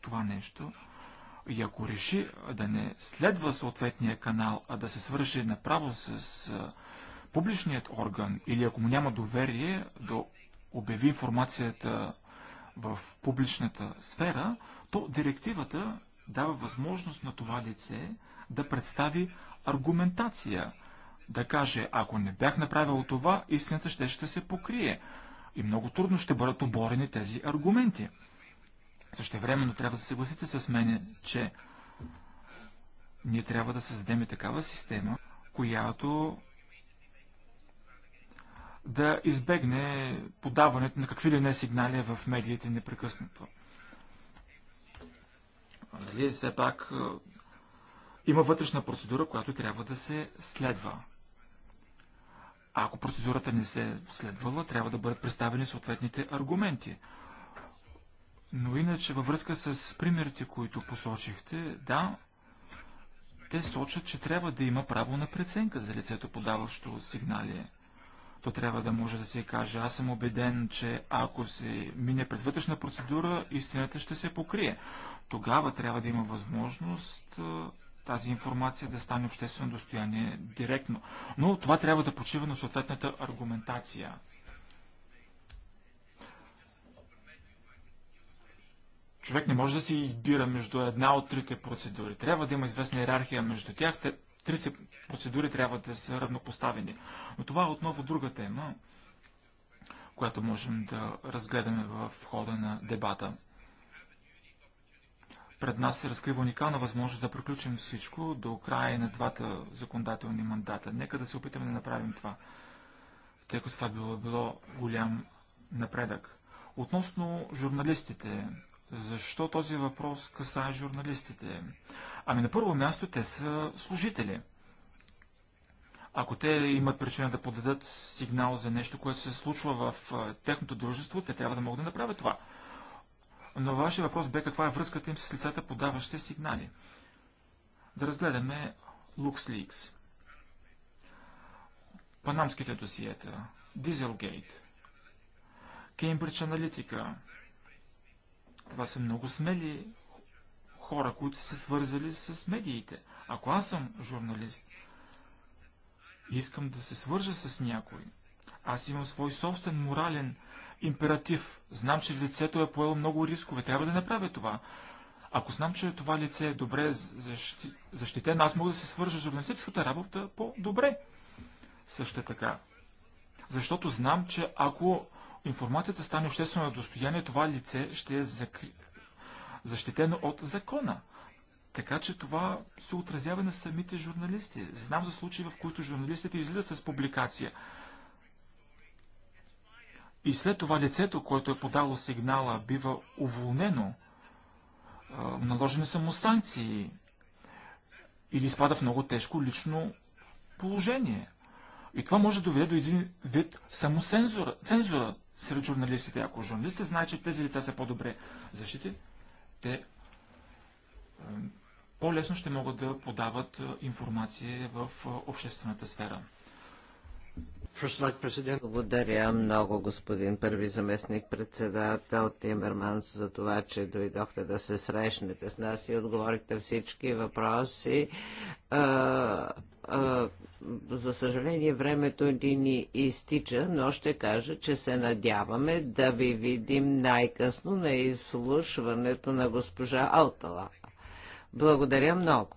това нещо. И ако реши да не следва съответния канал, а да се свърши направо с публичният орган, или ако му няма доверие да обяви информацията в публичната сфера, то директивата дава възможност на това лице да представи аргументация, да каже, ако не бях направил това, истината ще, ще се покрие. И много трудно ще бъдат оборени тези аргументи. Същевременно трябва да се съгласите с мене, че ние трябва да създадем такава система, която да избегне подаването на какви ли не сигнали в медиите непрекъснато. Дали все пак има вътрешна процедура, която трябва да се следва. А ако процедурата не се следвала, трябва да бъдат представени съответните аргументи – но иначе във връзка с примерите, които посочихте, да, те сочат, че трябва да има право на преценка за лицето, подаващо сигнали. То трябва да може да се каже, аз съм убеден, че ако се мине през вътрешна процедура, истината ще се покрие. Тогава трябва да има възможност тази информация да стане обществено достояние директно. Но това трябва да почива на съответната аргументация. човек не може да се избира между една от трите процедури. Трябва да има известна иерархия между тях. Трите процедури трябва да са равнопоставени. Но това е отново друга тема, която можем да разгледаме в хода на дебата. Пред нас се разкрива уникална възможност да приключим всичко до края на двата законодателни мандата. Нека да се опитаме да направим това, тъй като това било, било голям напредък. Относно журналистите, защо този въпрос каса журналистите? Ами на първо място те са служители. Ако те имат причина да подадат сигнал за нещо, което се случва в техното дружество, те трябва да могат да направят това. Но вашия въпрос бе каква е връзката им с лицата, подаващи сигнали. Да разгледаме LuxLeaks. Панамските досиета. Дизелгейт. Кеймбридж Аналитика. Това са много смели хора, които са свързали с медиите. Ако аз съм журналист и искам да се свържа с някой, аз имам свой собствен морален императив. Знам, че лицето е поело много рискове. Трябва да направя това. Ако знам, че това лице е добре защи... защитено, аз мога да се свържа с журналистическата работа по-добре. Също така. Защото знам, че ако информацията стане обществено достояние, това лице ще е закри... защитено от закона. Така че това се отразява на самите журналисти. Знам за случаи, в които журналистите излизат с публикация. И след това лицето, което е подало сигнала, бива уволнено. Наложени са му санкции. Или изпада в много тежко лично положение. И това може да доведе до един вид самоцензура, цензура, сред журналистите. Ако журналистите знаят, че тези лица са по-добре защити, те по-лесно ще могат да подават е, информация в е, обществената сфера. Благодаря много, господин първи заместник председател Тимерманс, за това, че дойдохте да се срещнете с нас и отговорихте всички въпроси. А, е, а, за съжаление, времето ни ни изтича, но ще кажа, че се надяваме да ви видим най-късно на изслушването на госпожа Алтала. Благодаря много.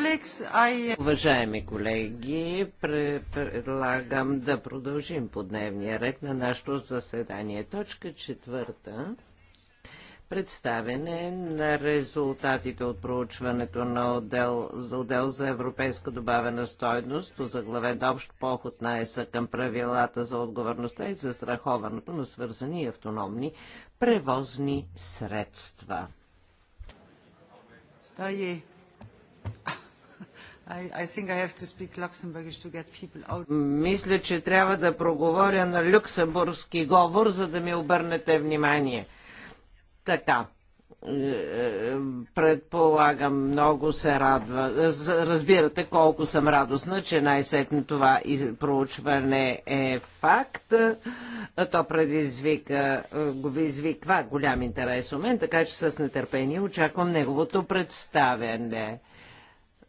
Uh, Уважаеми колеги, предлагам да продължим по дневния ред на нашето заседание. Точка четвърта представене на резултатите от проучването на отдел за, отдел за европейска добавена стойност, заглавен общ поход на ЕСА към правилата за отговорността и застраховането на свързани и автономни превозни средства. Та е. Мисля, че трябва да проговоря на люксембургски говор, за да ми обърнете внимание. Така. Е, е, предполагам, много се радва. Разбирате колко съм радостна, че най-сетно това проучване е факт. То предизвика, е, го извиква голям интерес у мен, така че с нетърпение очаквам неговото представяне.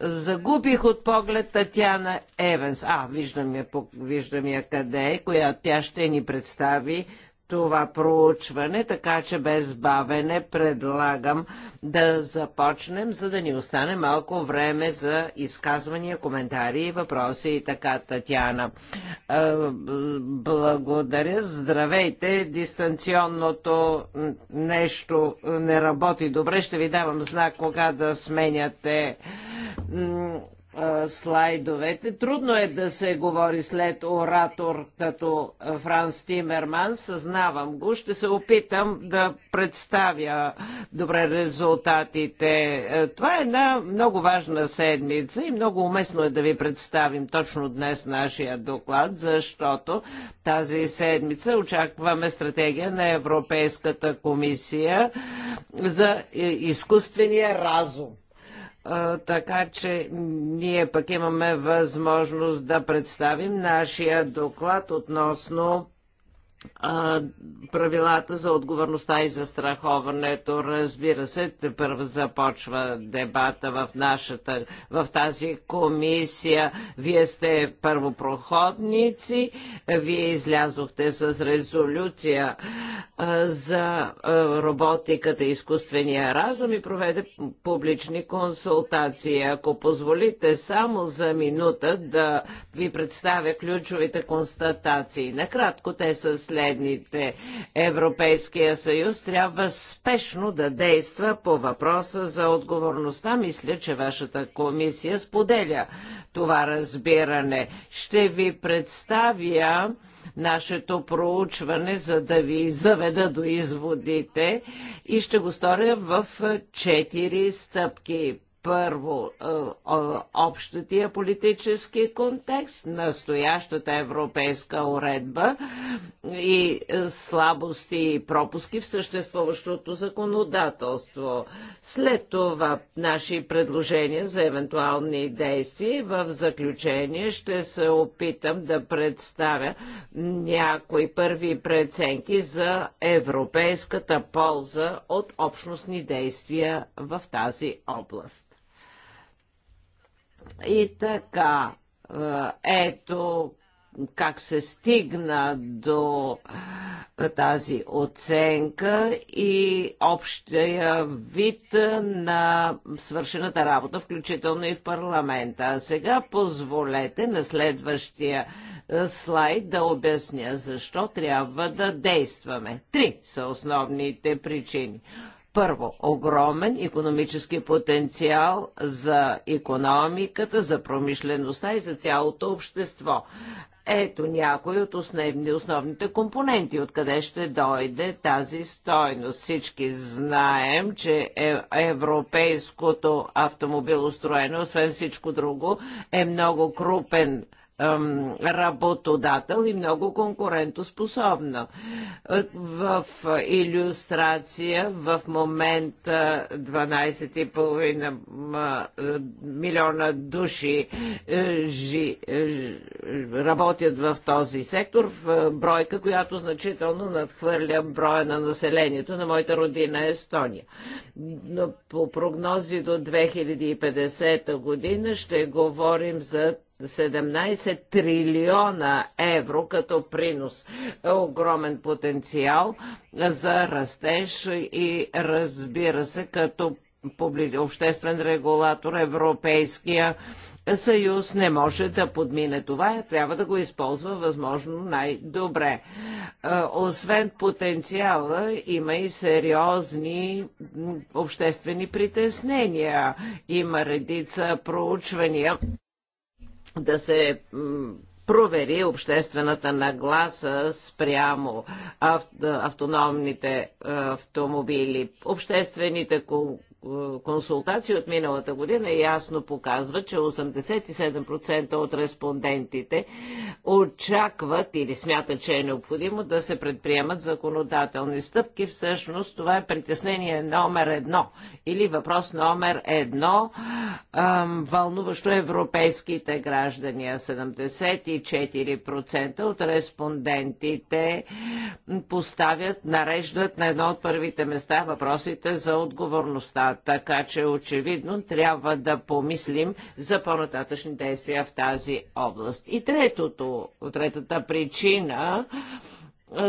Загубих от поглед Татяна Евенс. А, виждам я, виждам я къде, е, която тя ще ни представи това проучване, така че без бавене предлагам да започнем, за да ни остане малко време за изказвания, коментари, и въпроси и така, Татяна. Е, благодаря. Здравейте. Дистанционното нещо не работи добре. Ще ви давам знак кога да сменяте слайдовете. Трудно е да се говори след оратор като Франс Тимерман. Съзнавам го. Ще се опитам да представя добре резултатите. Това е една много важна седмица и много уместно е да ви представим точно днес нашия доклад, защото тази седмица очакваме стратегия на Европейската комисия за е, изкуствения разум така че ние пък имаме възможност да представим нашия доклад относно правилата за отговорността и застраховането. Разбира се, първо започва дебата в нашата, в тази комисия. Вие сте първопроходници, вие излязохте с резолюция за роботиката и изкуствения разум и проведе публични консултации. Ако позволите само за минута да ви представя ключовите констатации. Накратко те са последните. Европейския съюз трябва спешно да действа по въпроса за отговорността. Мисля, че вашата комисия споделя това разбиране. Ще ви представя нашето проучване, за да ви заведа до изводите и ще го сторя в четири стъпки първо е, общия политически контекст, настоящата европейска уредба и е, слабости и пропуски в съществуващото законодателство. След това наши предложения за евентуални действия в заключение ще се опитам да представя някои първи преценки за европейската полза от общностни действия в тази област. И така, е, ето как се стигна до е, тази оценка и общия вид на свършената работа, включително и в парламента. А сега позволете на следващия е, слайд да обясня защо трябва да действаме. Три са основните причини. Първо, огромен економически потенциал за економиката, за промишлеността и за цялото общество. Ето някои от основни, основните компоненти, откъде ще дойде тази стойност. Всички знаем, че е, европейското автомобилостроено, освен всичко друго, е много крупен работодател и много конкурентоспособна. В иллюстрация в момента 12,5 е, милиона души е, е, работят в този сектор, в бройка, която значително надхвърля броя на населението на моята родина Естония. Но по прогнози до 2050 година ще говорим за 17 трилиона евро като принос. Огромен потенциал за растеж и разбира се като обществен регулатор Европейския съюз не може да подмине това, трябва да го използва възможно най-добре. Е, освен потенциала, има и сериозни обществени притеснения. Има редица проучвания да се провери обществената нагласа спрямо автономните автомобили, обществените консултации от миналата година ясно показва, че 87% от респондентите очакват или смятат, че е необходимо да се предприемат законодателни стъпки. Всъщност това е притеснение номер едно или въпрос номер едно, ам, вълнуващо европейските граждани. 74% от респондентите поставят, нареждат на едно от първите места въпросите за отговорността така че очевидно трябва да помислим за по-нататъчни действия в тази област. И третото, третата причина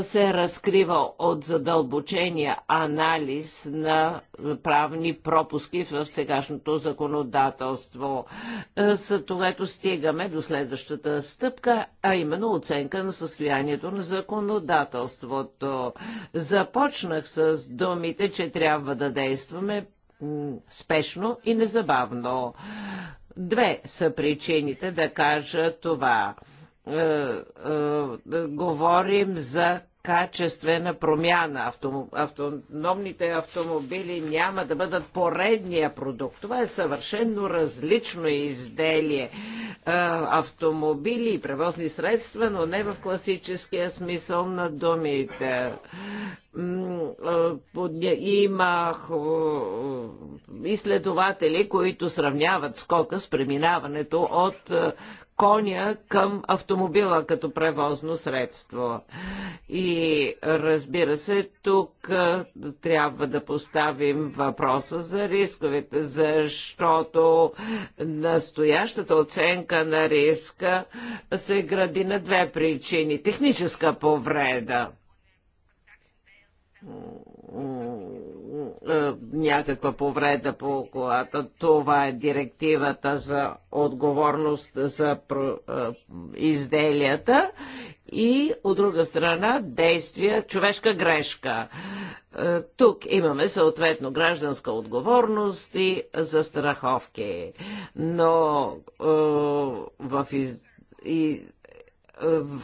се разкрива от задълбочения анализ на правни пропуски в сегашното законодателство. С което стигаме до следващата стъпка, а именно оценка на състоянието на законодателството. Започнах с думите, че трябва да действаме спешно и незабавно. Две са причините да кажа това. Е, е, говорим за качествена промяна. Автономните автомобили няма да бъдат поредния продукт. Това е съвършенно различно изделие. Е, автомобили и превозни средства, но не в класическия смисъл на думите има изследователи, които сравняват скока с преминаването от коня към автомобила като превозно средство. И разбира се, тук трябва да поставим въпроса за рисковете, защото настоящата оценка на риска се гради на две причини. Техническа повреда е, някаква повреда по колата. Това е директивата за отговорност за е, изделията и от друга страна действия човешка грешка. Е, тук имаме съответно гражданска отговорност и застраховки. Но в из... и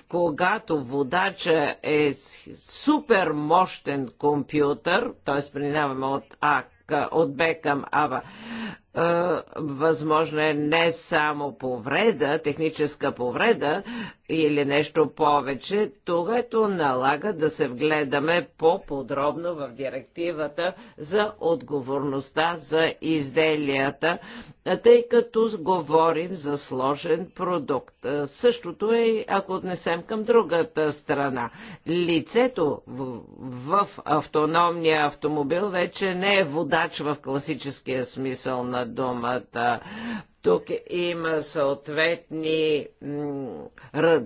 когато водача е супер мощен компютър, т.е. преминаваме от А от Б към Ава, възможно е не само повреда, техническа повреда или нещо повече, тогато налага да се вгледаме по-подробно в директивата за отговорността за изделията, тъй като говорим за сложен продукт. Същото е, ако отнесем към другата страна. Лицето в, в автономния автомобил вече не е водач в класическия смисъл на думата. Тук има съответни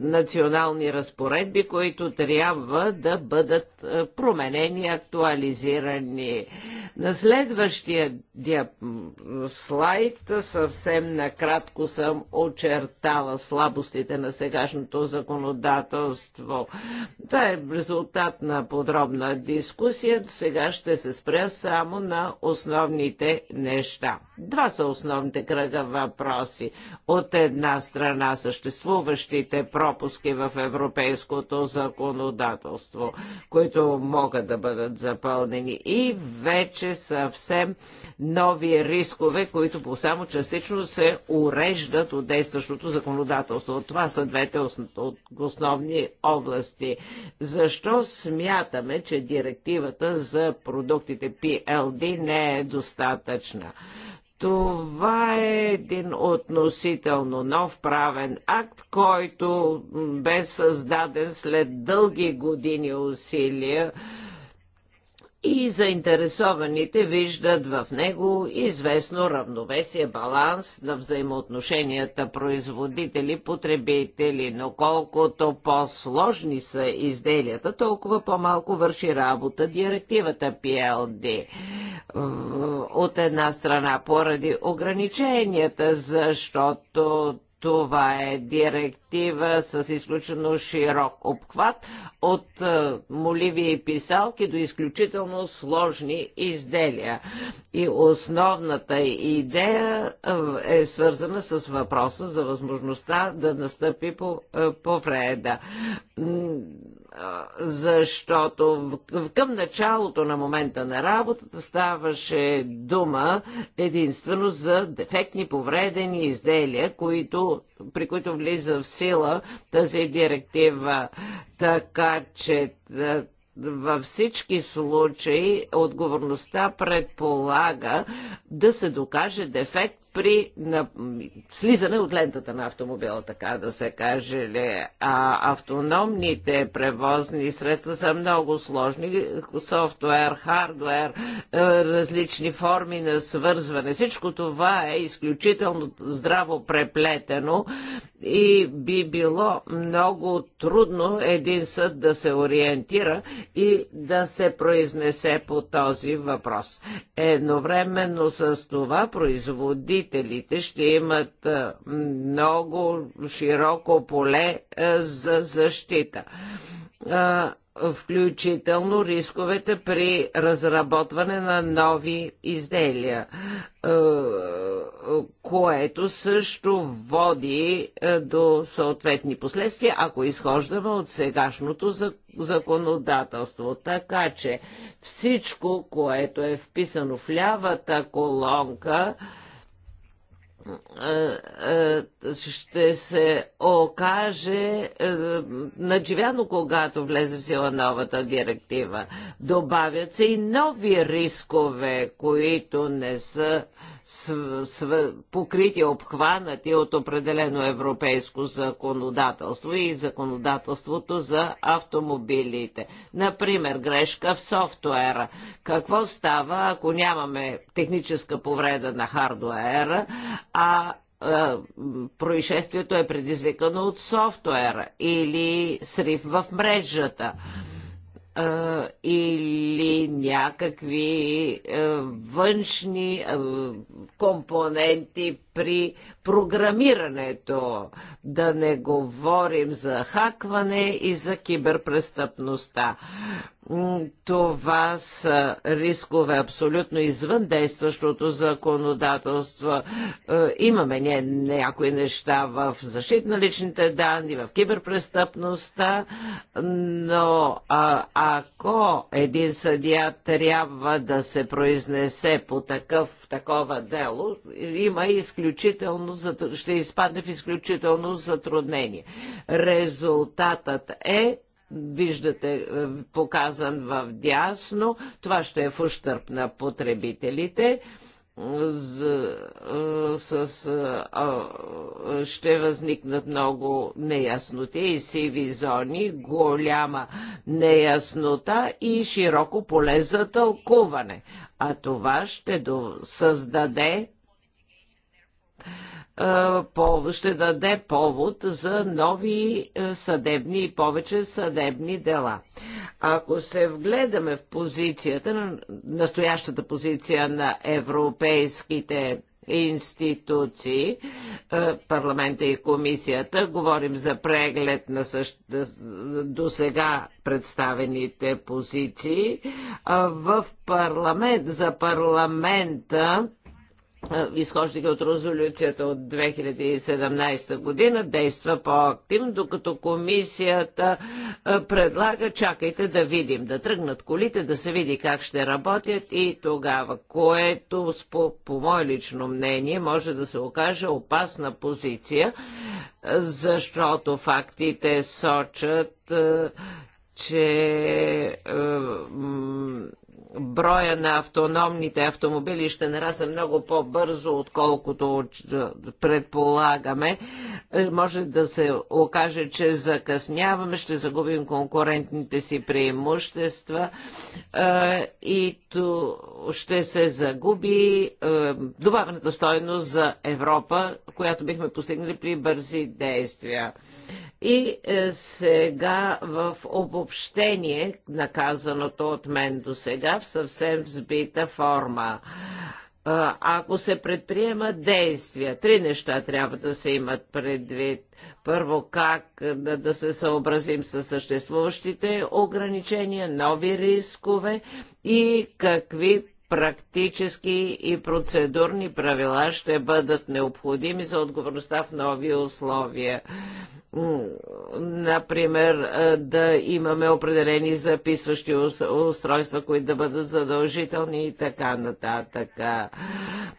национални разпоредби, които трябва да бъдат е, променени, актуализирани. На следващия слайд съвсем накратко съм очертала слабостите на сегашното законодателство. Това е резултат на подробна дискусия. Сега ще се спря само на основните неща. Два са основните кръга въпроси. От една страна съществуващите пропуски в европейското законодателство, които могат да бъдат запълнени и вече съвсем нови рискове, които по само частично се уреждат от действащото законодателство. От това са двете основни области. Защо смятаме, че директивата за продуктите PLD не е достатъчна? Това е един относително нов правен акт, който бе създаден след дълги години усилия и заинтересованите виждат в него известно равновесие, баланс на взаимоотношенията производители-потребители, но колкото по-сложни са изделията, толкова по-малко върши работа директивата PLD. От една страна поради ограниченията, защото това е директива с изключително широк обхват от е, моливи и писалки до изключително сложни изделия. И основната идея е, е свързана с въпроса за възможността да настъпи по, е, повреда защото към началото на момента на работата ставаше дума единствено за дефектни, повредени изделия, които, при които влиза в сила тази директива. Така че във всички случаи отговорността предполага да се докаже дефект при на, слизане от лентата на автомобила, така да се каже. Ли. А автономните превозни средства са много сложни. Софтуер, хардуер, е, различни форми на свързване. Всичко това е изключително здраво преплетено и би било много трудно един съд да се ориентира и да се произнесе по този въпрос. Едновременно с това производи родителите ще имат много широко поле за защита включително рисковете при разработване на нови изделия, което също води до съответни последствия, ако изхождаме от сегашното законодателство. Така че всичко, което е вписано в лявата колонка, е, е, ще се окаже е, надживяно, когато влезе в сила новата директива. Добавят се и нови рискове, които не са покрити, обхванати от определено европейско законодателство и законодателството за автомобилите. Например, грешка в софтуера. Какво става, ако нямаме техническа повреда на хардуера, а происшествието е предизвикано от софтуера или срив в мрежата или някакви външни компоненти при програмирането. Да не говорим за хакване и за киберпрестъпността това са рискове абсолютно извън действащото законодателство. Е, имаме ние някои неща в защит на личните данни, в киберпрестъпността, но а, ако един съдия трябва да се произнесе по такъв такова дело, има изключително, ще изпадне в изключително затруднение. Резултатът е виждате е, показан в дясно. Това ще е в ущърп на потребителите е, с, с е, а, ще възникнат много неясноти и сиви зони, голяма неяснота и широко поле за тълкуване. А това ще създаде ще даде повод за нови съдебни и повече съдебни дела. Ако се вгледаме в позицията, на настоящата позиция на европейските институции, парламента и комисията. Говорим за преглед на същ... до сега представените позиции. В парламент, за парламента изхождайки от резолюцията от 2017 година, действа по-активно, докато комисията предлага, чакайте да видим, да тръгнат колите, да се види как ще работят и тогава, което по, по мое лично мнение може да се окаже опасна позиция, защото фактите сочат че броя на автономните автомобили ще нараса много по-бързо, отколкото предполагаме. Е, може да се окаже, че закъсняваме, ще загубим конкурентните си преимущества е, и то ще се загуби е, добавената стоеност за Европа, която бихме постигнали при бързи действия. И е, сега в обобщение наказаното от мен до сега в съвсем взбита форма. Е, ако се предприемат действия, три неща трябва да се имат предвид. Първо, как да, да се съобразим с съществуващите ограничения, нови рискове и какви практически и процедурни правила ще бъдат необходими за отговорността в нови условия например, да имаме определени записващи устройства, които да бъдат задължителни и така нататък.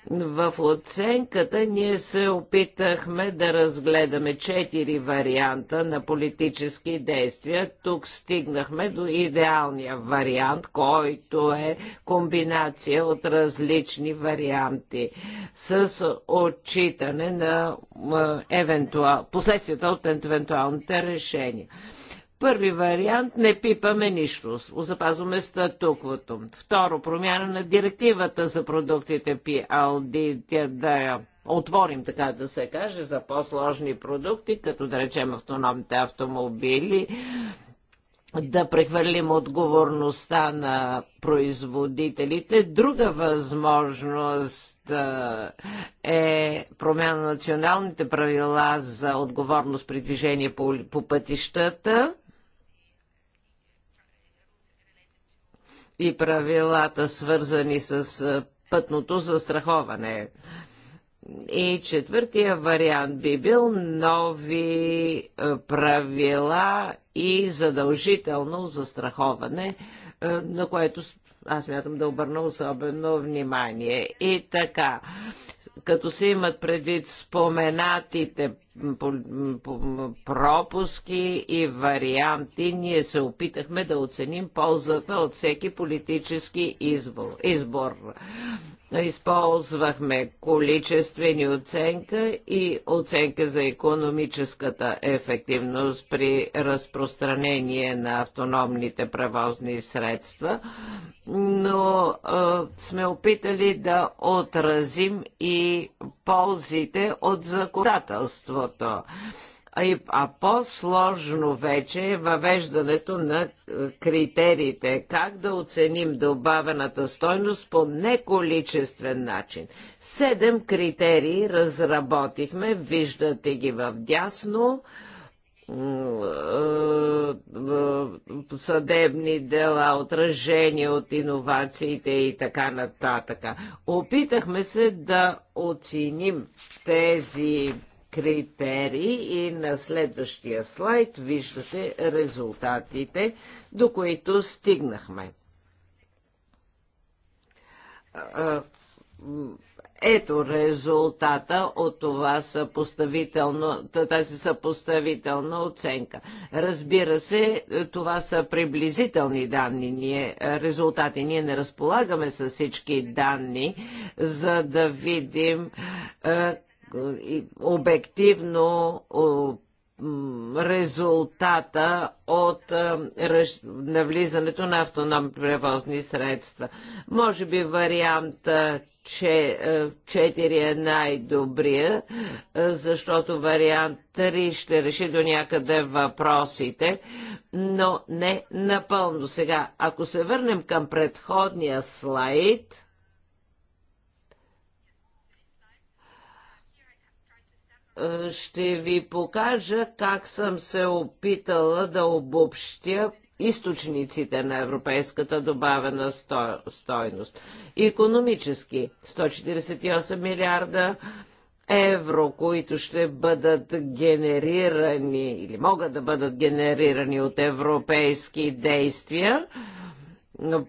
В оценката ние се опитахме да разгледаме четири варианта на политически действия. Тук стигнахме до идеалния вариант, който е комбинация от различни варианти с отчитане на евентуал... последствията от евентуалните решения. Първи вариант не пипаме нищо, запазваме статуквото. Второ, промяна на директивата за продуктите PLD, да я отворим, така да се каже, за по-сложни продукти, като да речем автономните автомобили, да прехвърлим отговорността на производителите. Друга възможност е промяна на националните правила за отговорност при движение по, по пътищата и правилата свързани с пътното застраховане. И четвъртия вариант би бил нови е, правила и задължително застраховане, е, на което аз мятам да обърна особено внимание. И така, като се имат предвид споменатите пропуски и варианти, ние се опитахме да оценим ползата от всеки политически избор. избор. Използвахме количествени оценка и оценка за економическата ефективност при разпространение на автономните превозни средства, но а, сме опитали да отразим и ползите от законодателството а, а по-сложно вече е въвеждането на е, критериите, как да оценим добавената стойност по неколичествен начин. Седем критерии разработихме, виждате ги в дясно е, е, съдебни дела, отражение от иновациите и така нататък. Опитахме се да оценим тези критерии и на следващия слайд виждате резултатите, до които стигнахме. Ето резултата от това съпоставително, тази съпоставителна оценка. Разбира се, това са приблизителни данни. Ние, резултати. Ние не разполагаме с всички данни, за да видим обективно резултата от навлизането на автономни превозни средства. Може би варианта че 4 е най-добрия, защото вариант 3 ще реши до някъде въпросите, но не напълно. Сега, ако се върнем към предходния слайд, ще ви покажа как съм се опитала да обобщя източниците на европейската добавена сто, стойност. Економически 148 милиарда евро, които ще бъдат генерирани или могат да бъдат генерирани от европейски действия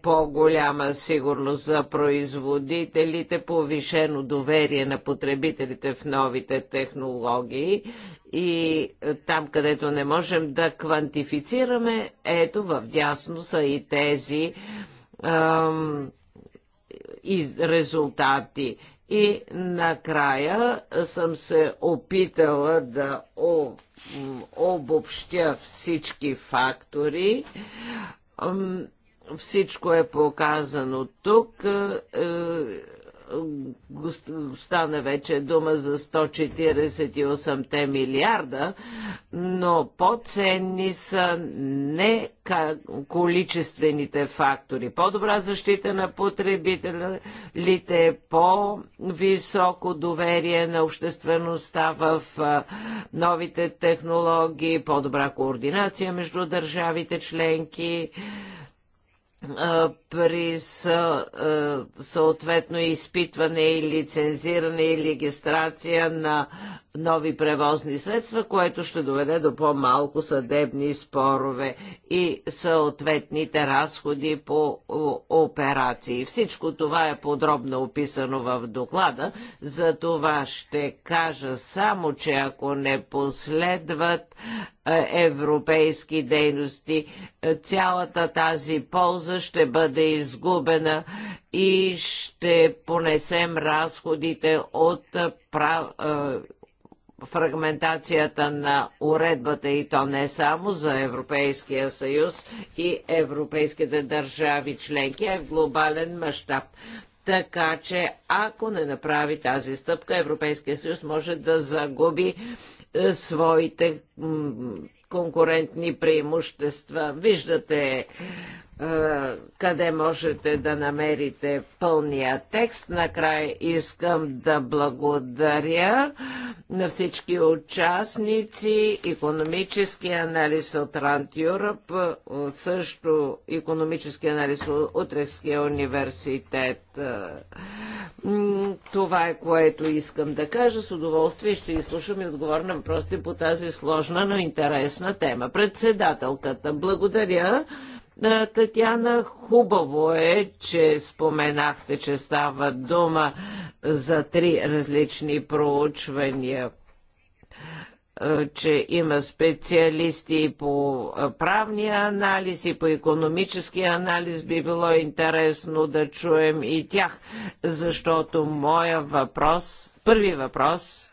по-голяма сигурност за производителите, повишено доверие на потребителите в новите технологии и е, там, където не можем да квантифицираме, ето в дясно са и тези ам, и резултати. И накрая е, съм се опитала да обобщя всички фактори. Всичко е показано тук. Е, е, стана вече дума за 148 милиарда, но по-ценни са не количествените фактори. По-добра защита на потребителите, по-високо доверие на обществеността в е, новите технологии, по-добра координация между държавите членки при съответно изпитване и лицензиране и регистрация на нови превозни средства, което ще доведе до по-малко съдебни спорове и съответните разходи по операции. Всичко това е подробно описано в доклада, за това ще кажа само, че ако не последват е, европейски дейности. Е, цялата тази полза ще бъде изгубена и ще понесем разходите от е, прав... фрагментацията на уредбата и то не само за Европейския съюз и европейските държави членки, а в глобален мащаб. Така че, ако не направи тази стъпка, Европейския съюз може да загуби е, своите конкурентни преимущества. Виждате е, къде можете да намерите пълния текст. Накрая искам да благодаря на всички участници, економически анализ от Рант Юръп, е, също економически анализ от Утрехския университет. Това е което искам да кажа. С удоволствие ще изслушам и отговоря на въпросите по тази сложна, но интересна тема. Председателката, благодаря. Татьяна, хубаво е, че споменахте, че става дума за три различни проучвания – е, че има специалисти по е, правния анализ и по економическия анализ, би било интересно да чуем и тях, защото моя въпрос, първи въпрос,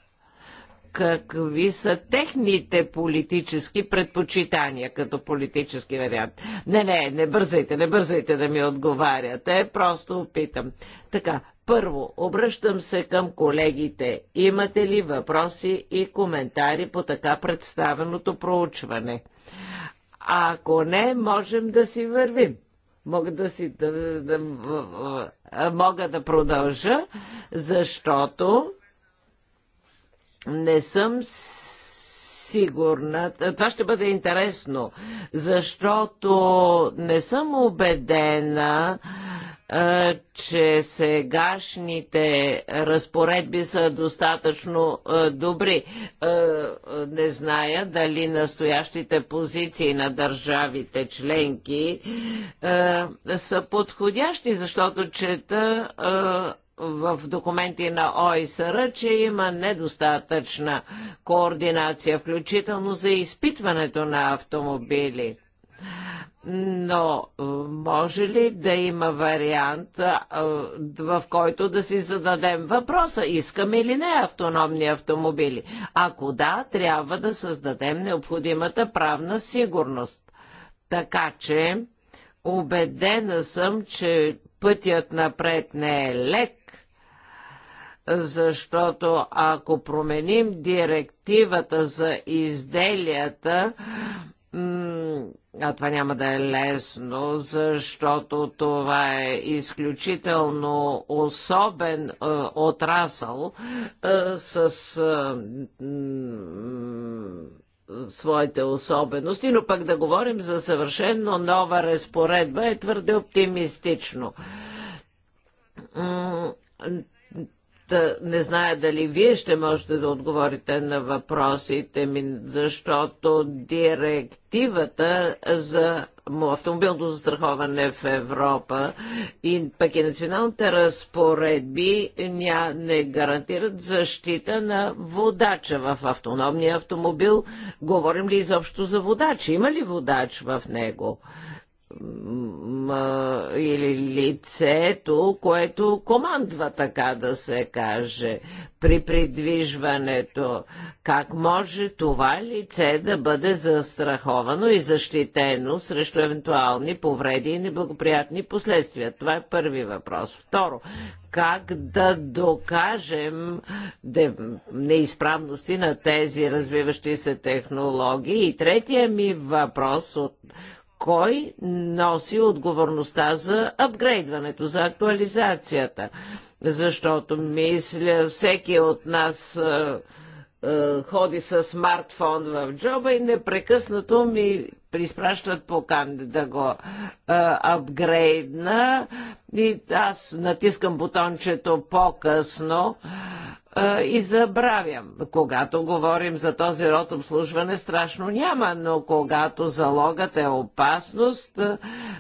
какви са техните политически предпочитания като политически вариант. Не, не, не бързайте, не бързайте да ми отговаряте, просто опитам. Така, първо, обръщам се към колегите. Имате ли въпроси и коментари по така представеното проучване? Ако не, можем да си вървим. Мога да си да, да, да, мога да продължа, защото не съм сигурна. Това ще бъде интересно, защото не съм убедена, че сегашните разпоредби са достатъчно добри. Не зная дали настоящите позиции на държавите членки са подходящи, защото чета в документи на ОИСР, че има недостатъчна координация, включително за изпитването на автомобили но е, може ли да има вариант, е, в който да си зададем въпроса, искаме или не автономни автомобили? Ако да, трябва да създадем необходимата правна сигурност. Така че, убедена съм, че пътят напред не е лек, защото ако променим директивата за изделията, а това няма да е лесно, защото това е изключително особен е, отрасъл е, с е, своите особености, но пък да говорим за съвършенно нова разпоредба е твърде оптимистично не зная дали вие ще можете да отговорите на въпросите ми, защото директивата за автомобилното застраховане в Европа и пък и националните разпоредби ня не гарантират защита на водача в автономния автомобил. Говорим ли изобщо за водач? Има ли водач в него? или лицето, което командва, така да се каже, при придвижването. Как може това лице да бъде застраховано и защитено срещу евентуални повреди и неблагоприятни последствия? Това е първи въпрос. Второ, как да докажем неизправности на тези развиващи се технологии? И третия ми въпрос от кой носи отговорността за апгрейдването, за актуализацията. Защото, мисля, всеки от нас е, е, ходи с смартфон в джоба и непрекъснато ми приспращат покан да го а, е, апгрейдна. И аз натискам бутончето по-късно и забравям. Когато говорим за този род обслужване, страшно няма, но когато залогът е опасност,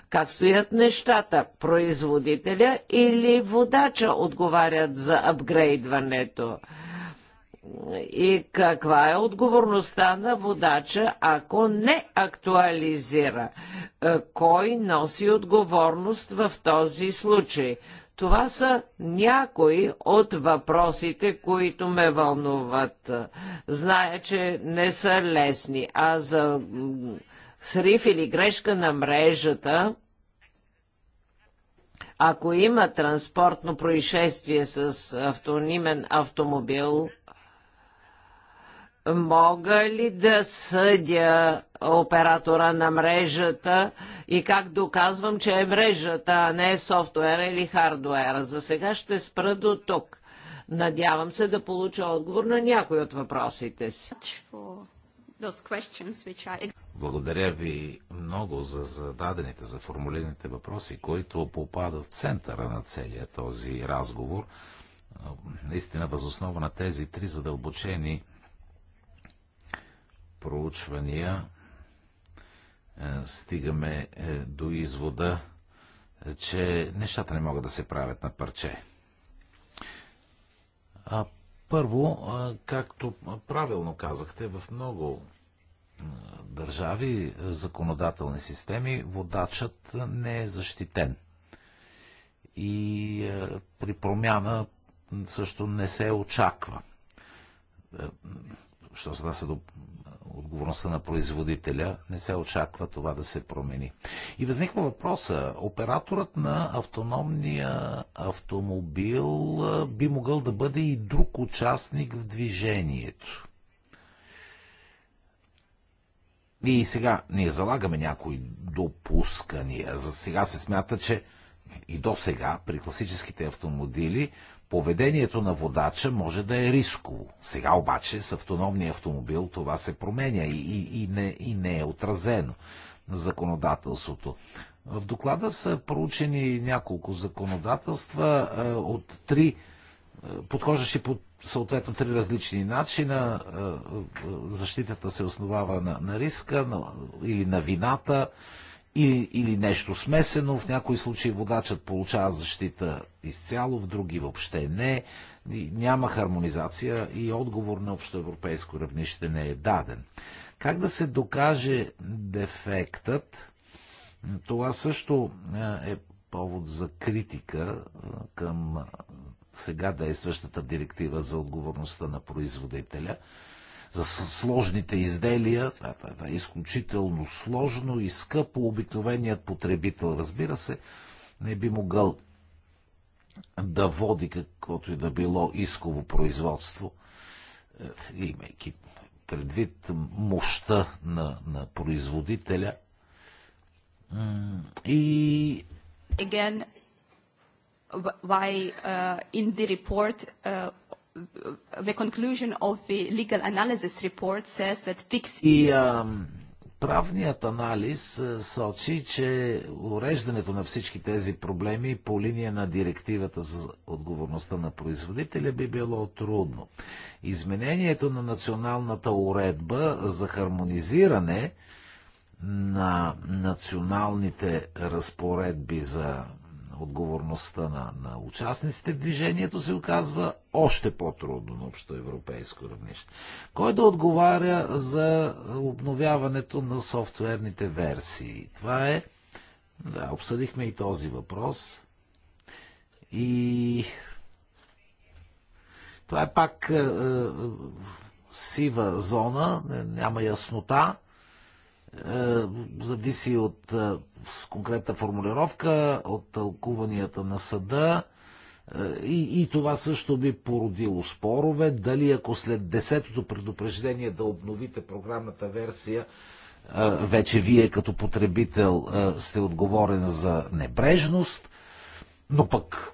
как стоят нещата? Производителя или водача отговарят за апгрейдването? И каква е отговорността на водача, ако не актуализира? Кой носи отговорност в този случай? Това са някои от въпросите, които ме вълнуват. Зная, че не са лесни, а за срив или грешка на мрежата, ако има транспортно происшествие с автонимен автомобил, мога ли да съдя оператора на мрежата и как доказвам, че е мрежата, а не е софтуера или хардуера. За сега ще спра до тук. Надявам се да получа отговор на някой от въпросите си. Благодаря ви много за зададените, за формулираните въпроси, които попадат в центъра на целия този разговор. Наистина, възоснова на тези три задълбочени проучвания е, стигаме е, до извода, че нещата не могат да се правят на парче. А първо, е, както правилно казахте, в много държави, законодателни системи, водачът не е защитен. И при промяна също не се очаква. Що се да се до отговорността на производителя, не се очаква това да се промени. И възниква въпроса, операторът на автономния автомобил би могъл да бъде и друг участник в движението. И сега ние залагаме някои допускания. За сега се смята, че и до сега при класическите автомобили поведението на водача може да е рисково. Сега обаче с автономния автомобил това се променя и, и, и, не, и не е отразено на законодателството. В доклада са проучени няколко законодателства е, от три, е, подхождащи по съответно три различни начина. Е, е защитата се основава на, на риска на, или на вината. Е, или, или нещо смесено. В някои случаи водачът получава защита изцяло, в други въобще не. Няма хармонизация и отговор на общоевропейско равнище не е даден. Как да се докаже дефектът? Това също е, е повод за критика е, към сега действащата директива за отговорността на производителя – за сложните изделия. Това, това, това е изключително сложно и скъпо. Обикновеният потребител, разбира се, не би могъл да води каквото и да било исково производство, е, имайки предвид мощта на, на производителя. И. Again, why uh, in the report uh, the conclusion of the legal analysis report says that fixing... И, а, правният анализ е, сочи, че уреждането на всички тези проблеми по линия на директивата за отговорността на производителя би било трудно. Изменението на националната уредба за хармонизиране на националните разпоредби за отговорността на, на участниците в движението се оказва още по-трудно на общо европейско равнище. Кой да отговаря за обновяването на софтуерните версии? Това е. Да, обсъдихме и този въпрос. И. Това е пак е, е сива зона, няма яснота е, зависи от е, конкретна формулировка, от тълкуванията на съда. Е, и, и това също би породило спорове. Дали ако след десетото предупреждение да обновите програмната версия, вече вие като потребител сте отговорен за небрежност, но пък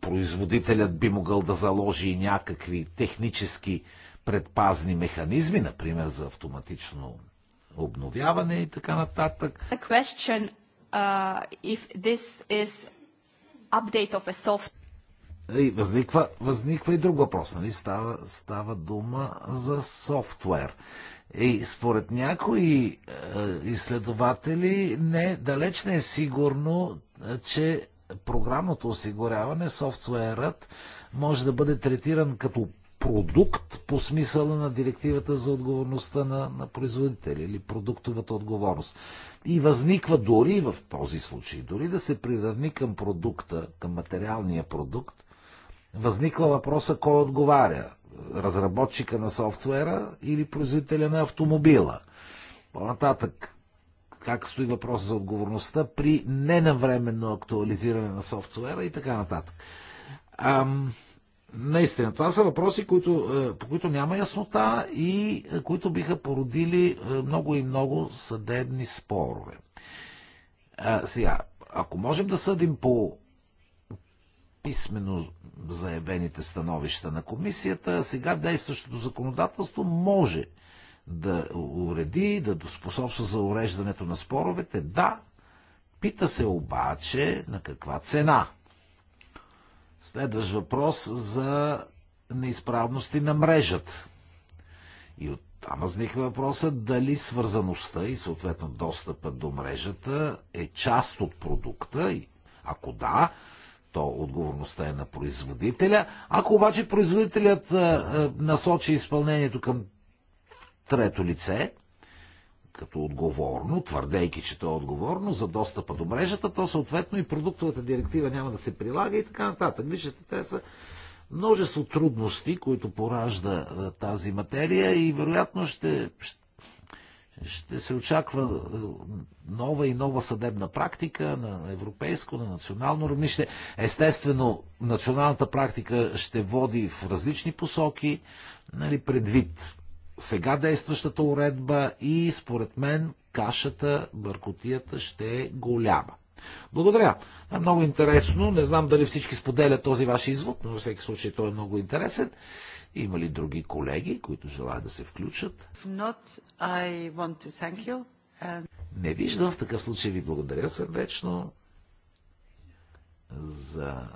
производителят би могъл да заложи и някакви технически предпазни механизми, например за автоматично обновяване и така нататък. Question, uh, soft... И възниква, възниква и друг въпрос, нали? Става, става дума за софтуер. И според някои е, изследователи не, далеч не е сигурно, е, че програмното осигуряване, софтуерът, може да бъде третиран като продукт по смисъла на директивата за отговорността на, на производителя или продуктовата отговорност. И възниква дори в този случай, дори да се приравни към продукта, към материалния продукт, възниква въпроса кой отговаря. Разработчика на софтуера или производителя на автомобила. По-нататък, как стои въпрос за отговорността при ненавременно актуализиране на софтуера и така нататък. Ам... Наистина, това са въпроси, които, е, по които няма яснота и е, които биха породили е, много и много съдебни спорове. А, сега, ако можем да съдим по писменно заявените становища на комисията, сега действащото законодателство може да уреди, да доспособства за уреждането на споровете. Да, пита се обаче на каква цена – Следващ въпрос за неизправности на мрежата. И от там възниква въпроса дали свързаността и съответно достъпа до мрежата е част от продукта. И ако да, то отговорността е на производителя. Ако обаче производителят насочи изпълнението към трето лице, като отговорно, твърдейки, че то е отговорно за достъпа до мрежата, то съответно и продуктовата директива няма да се прилага и така нататък. Виждате, те са множество трудности, които поражда е, тази материя и вероятно ще, ще се очаква е, нова и нова съдебна практика на европейско, на национално равнище. Естествено, националната практика ще води в различни посоки, нали, предвид сега действащата уредба и според мен кашата, бъркотията ще е голяма. Благодаря. Е много интересно. Не знам дали всички споделят този ваш извод, но във всеки случай той е много интересен. Има ли други колеги, които желаят да се включат? Not, And... Не виждам. В такъв случай ви благодаря сърдечно за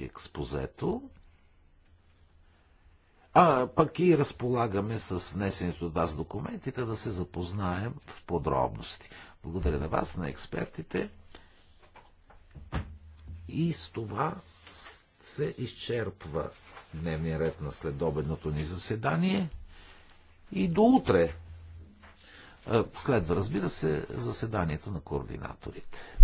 експозето а пък и разполагаме с внесените от вас документите да се запознаем в подробности. Благодаря на вас, на експертите. И с това се изчерпва дневния ред на следобедното ни заседание. И до утре. Е, следва, разбира се, заседанието на координаторите.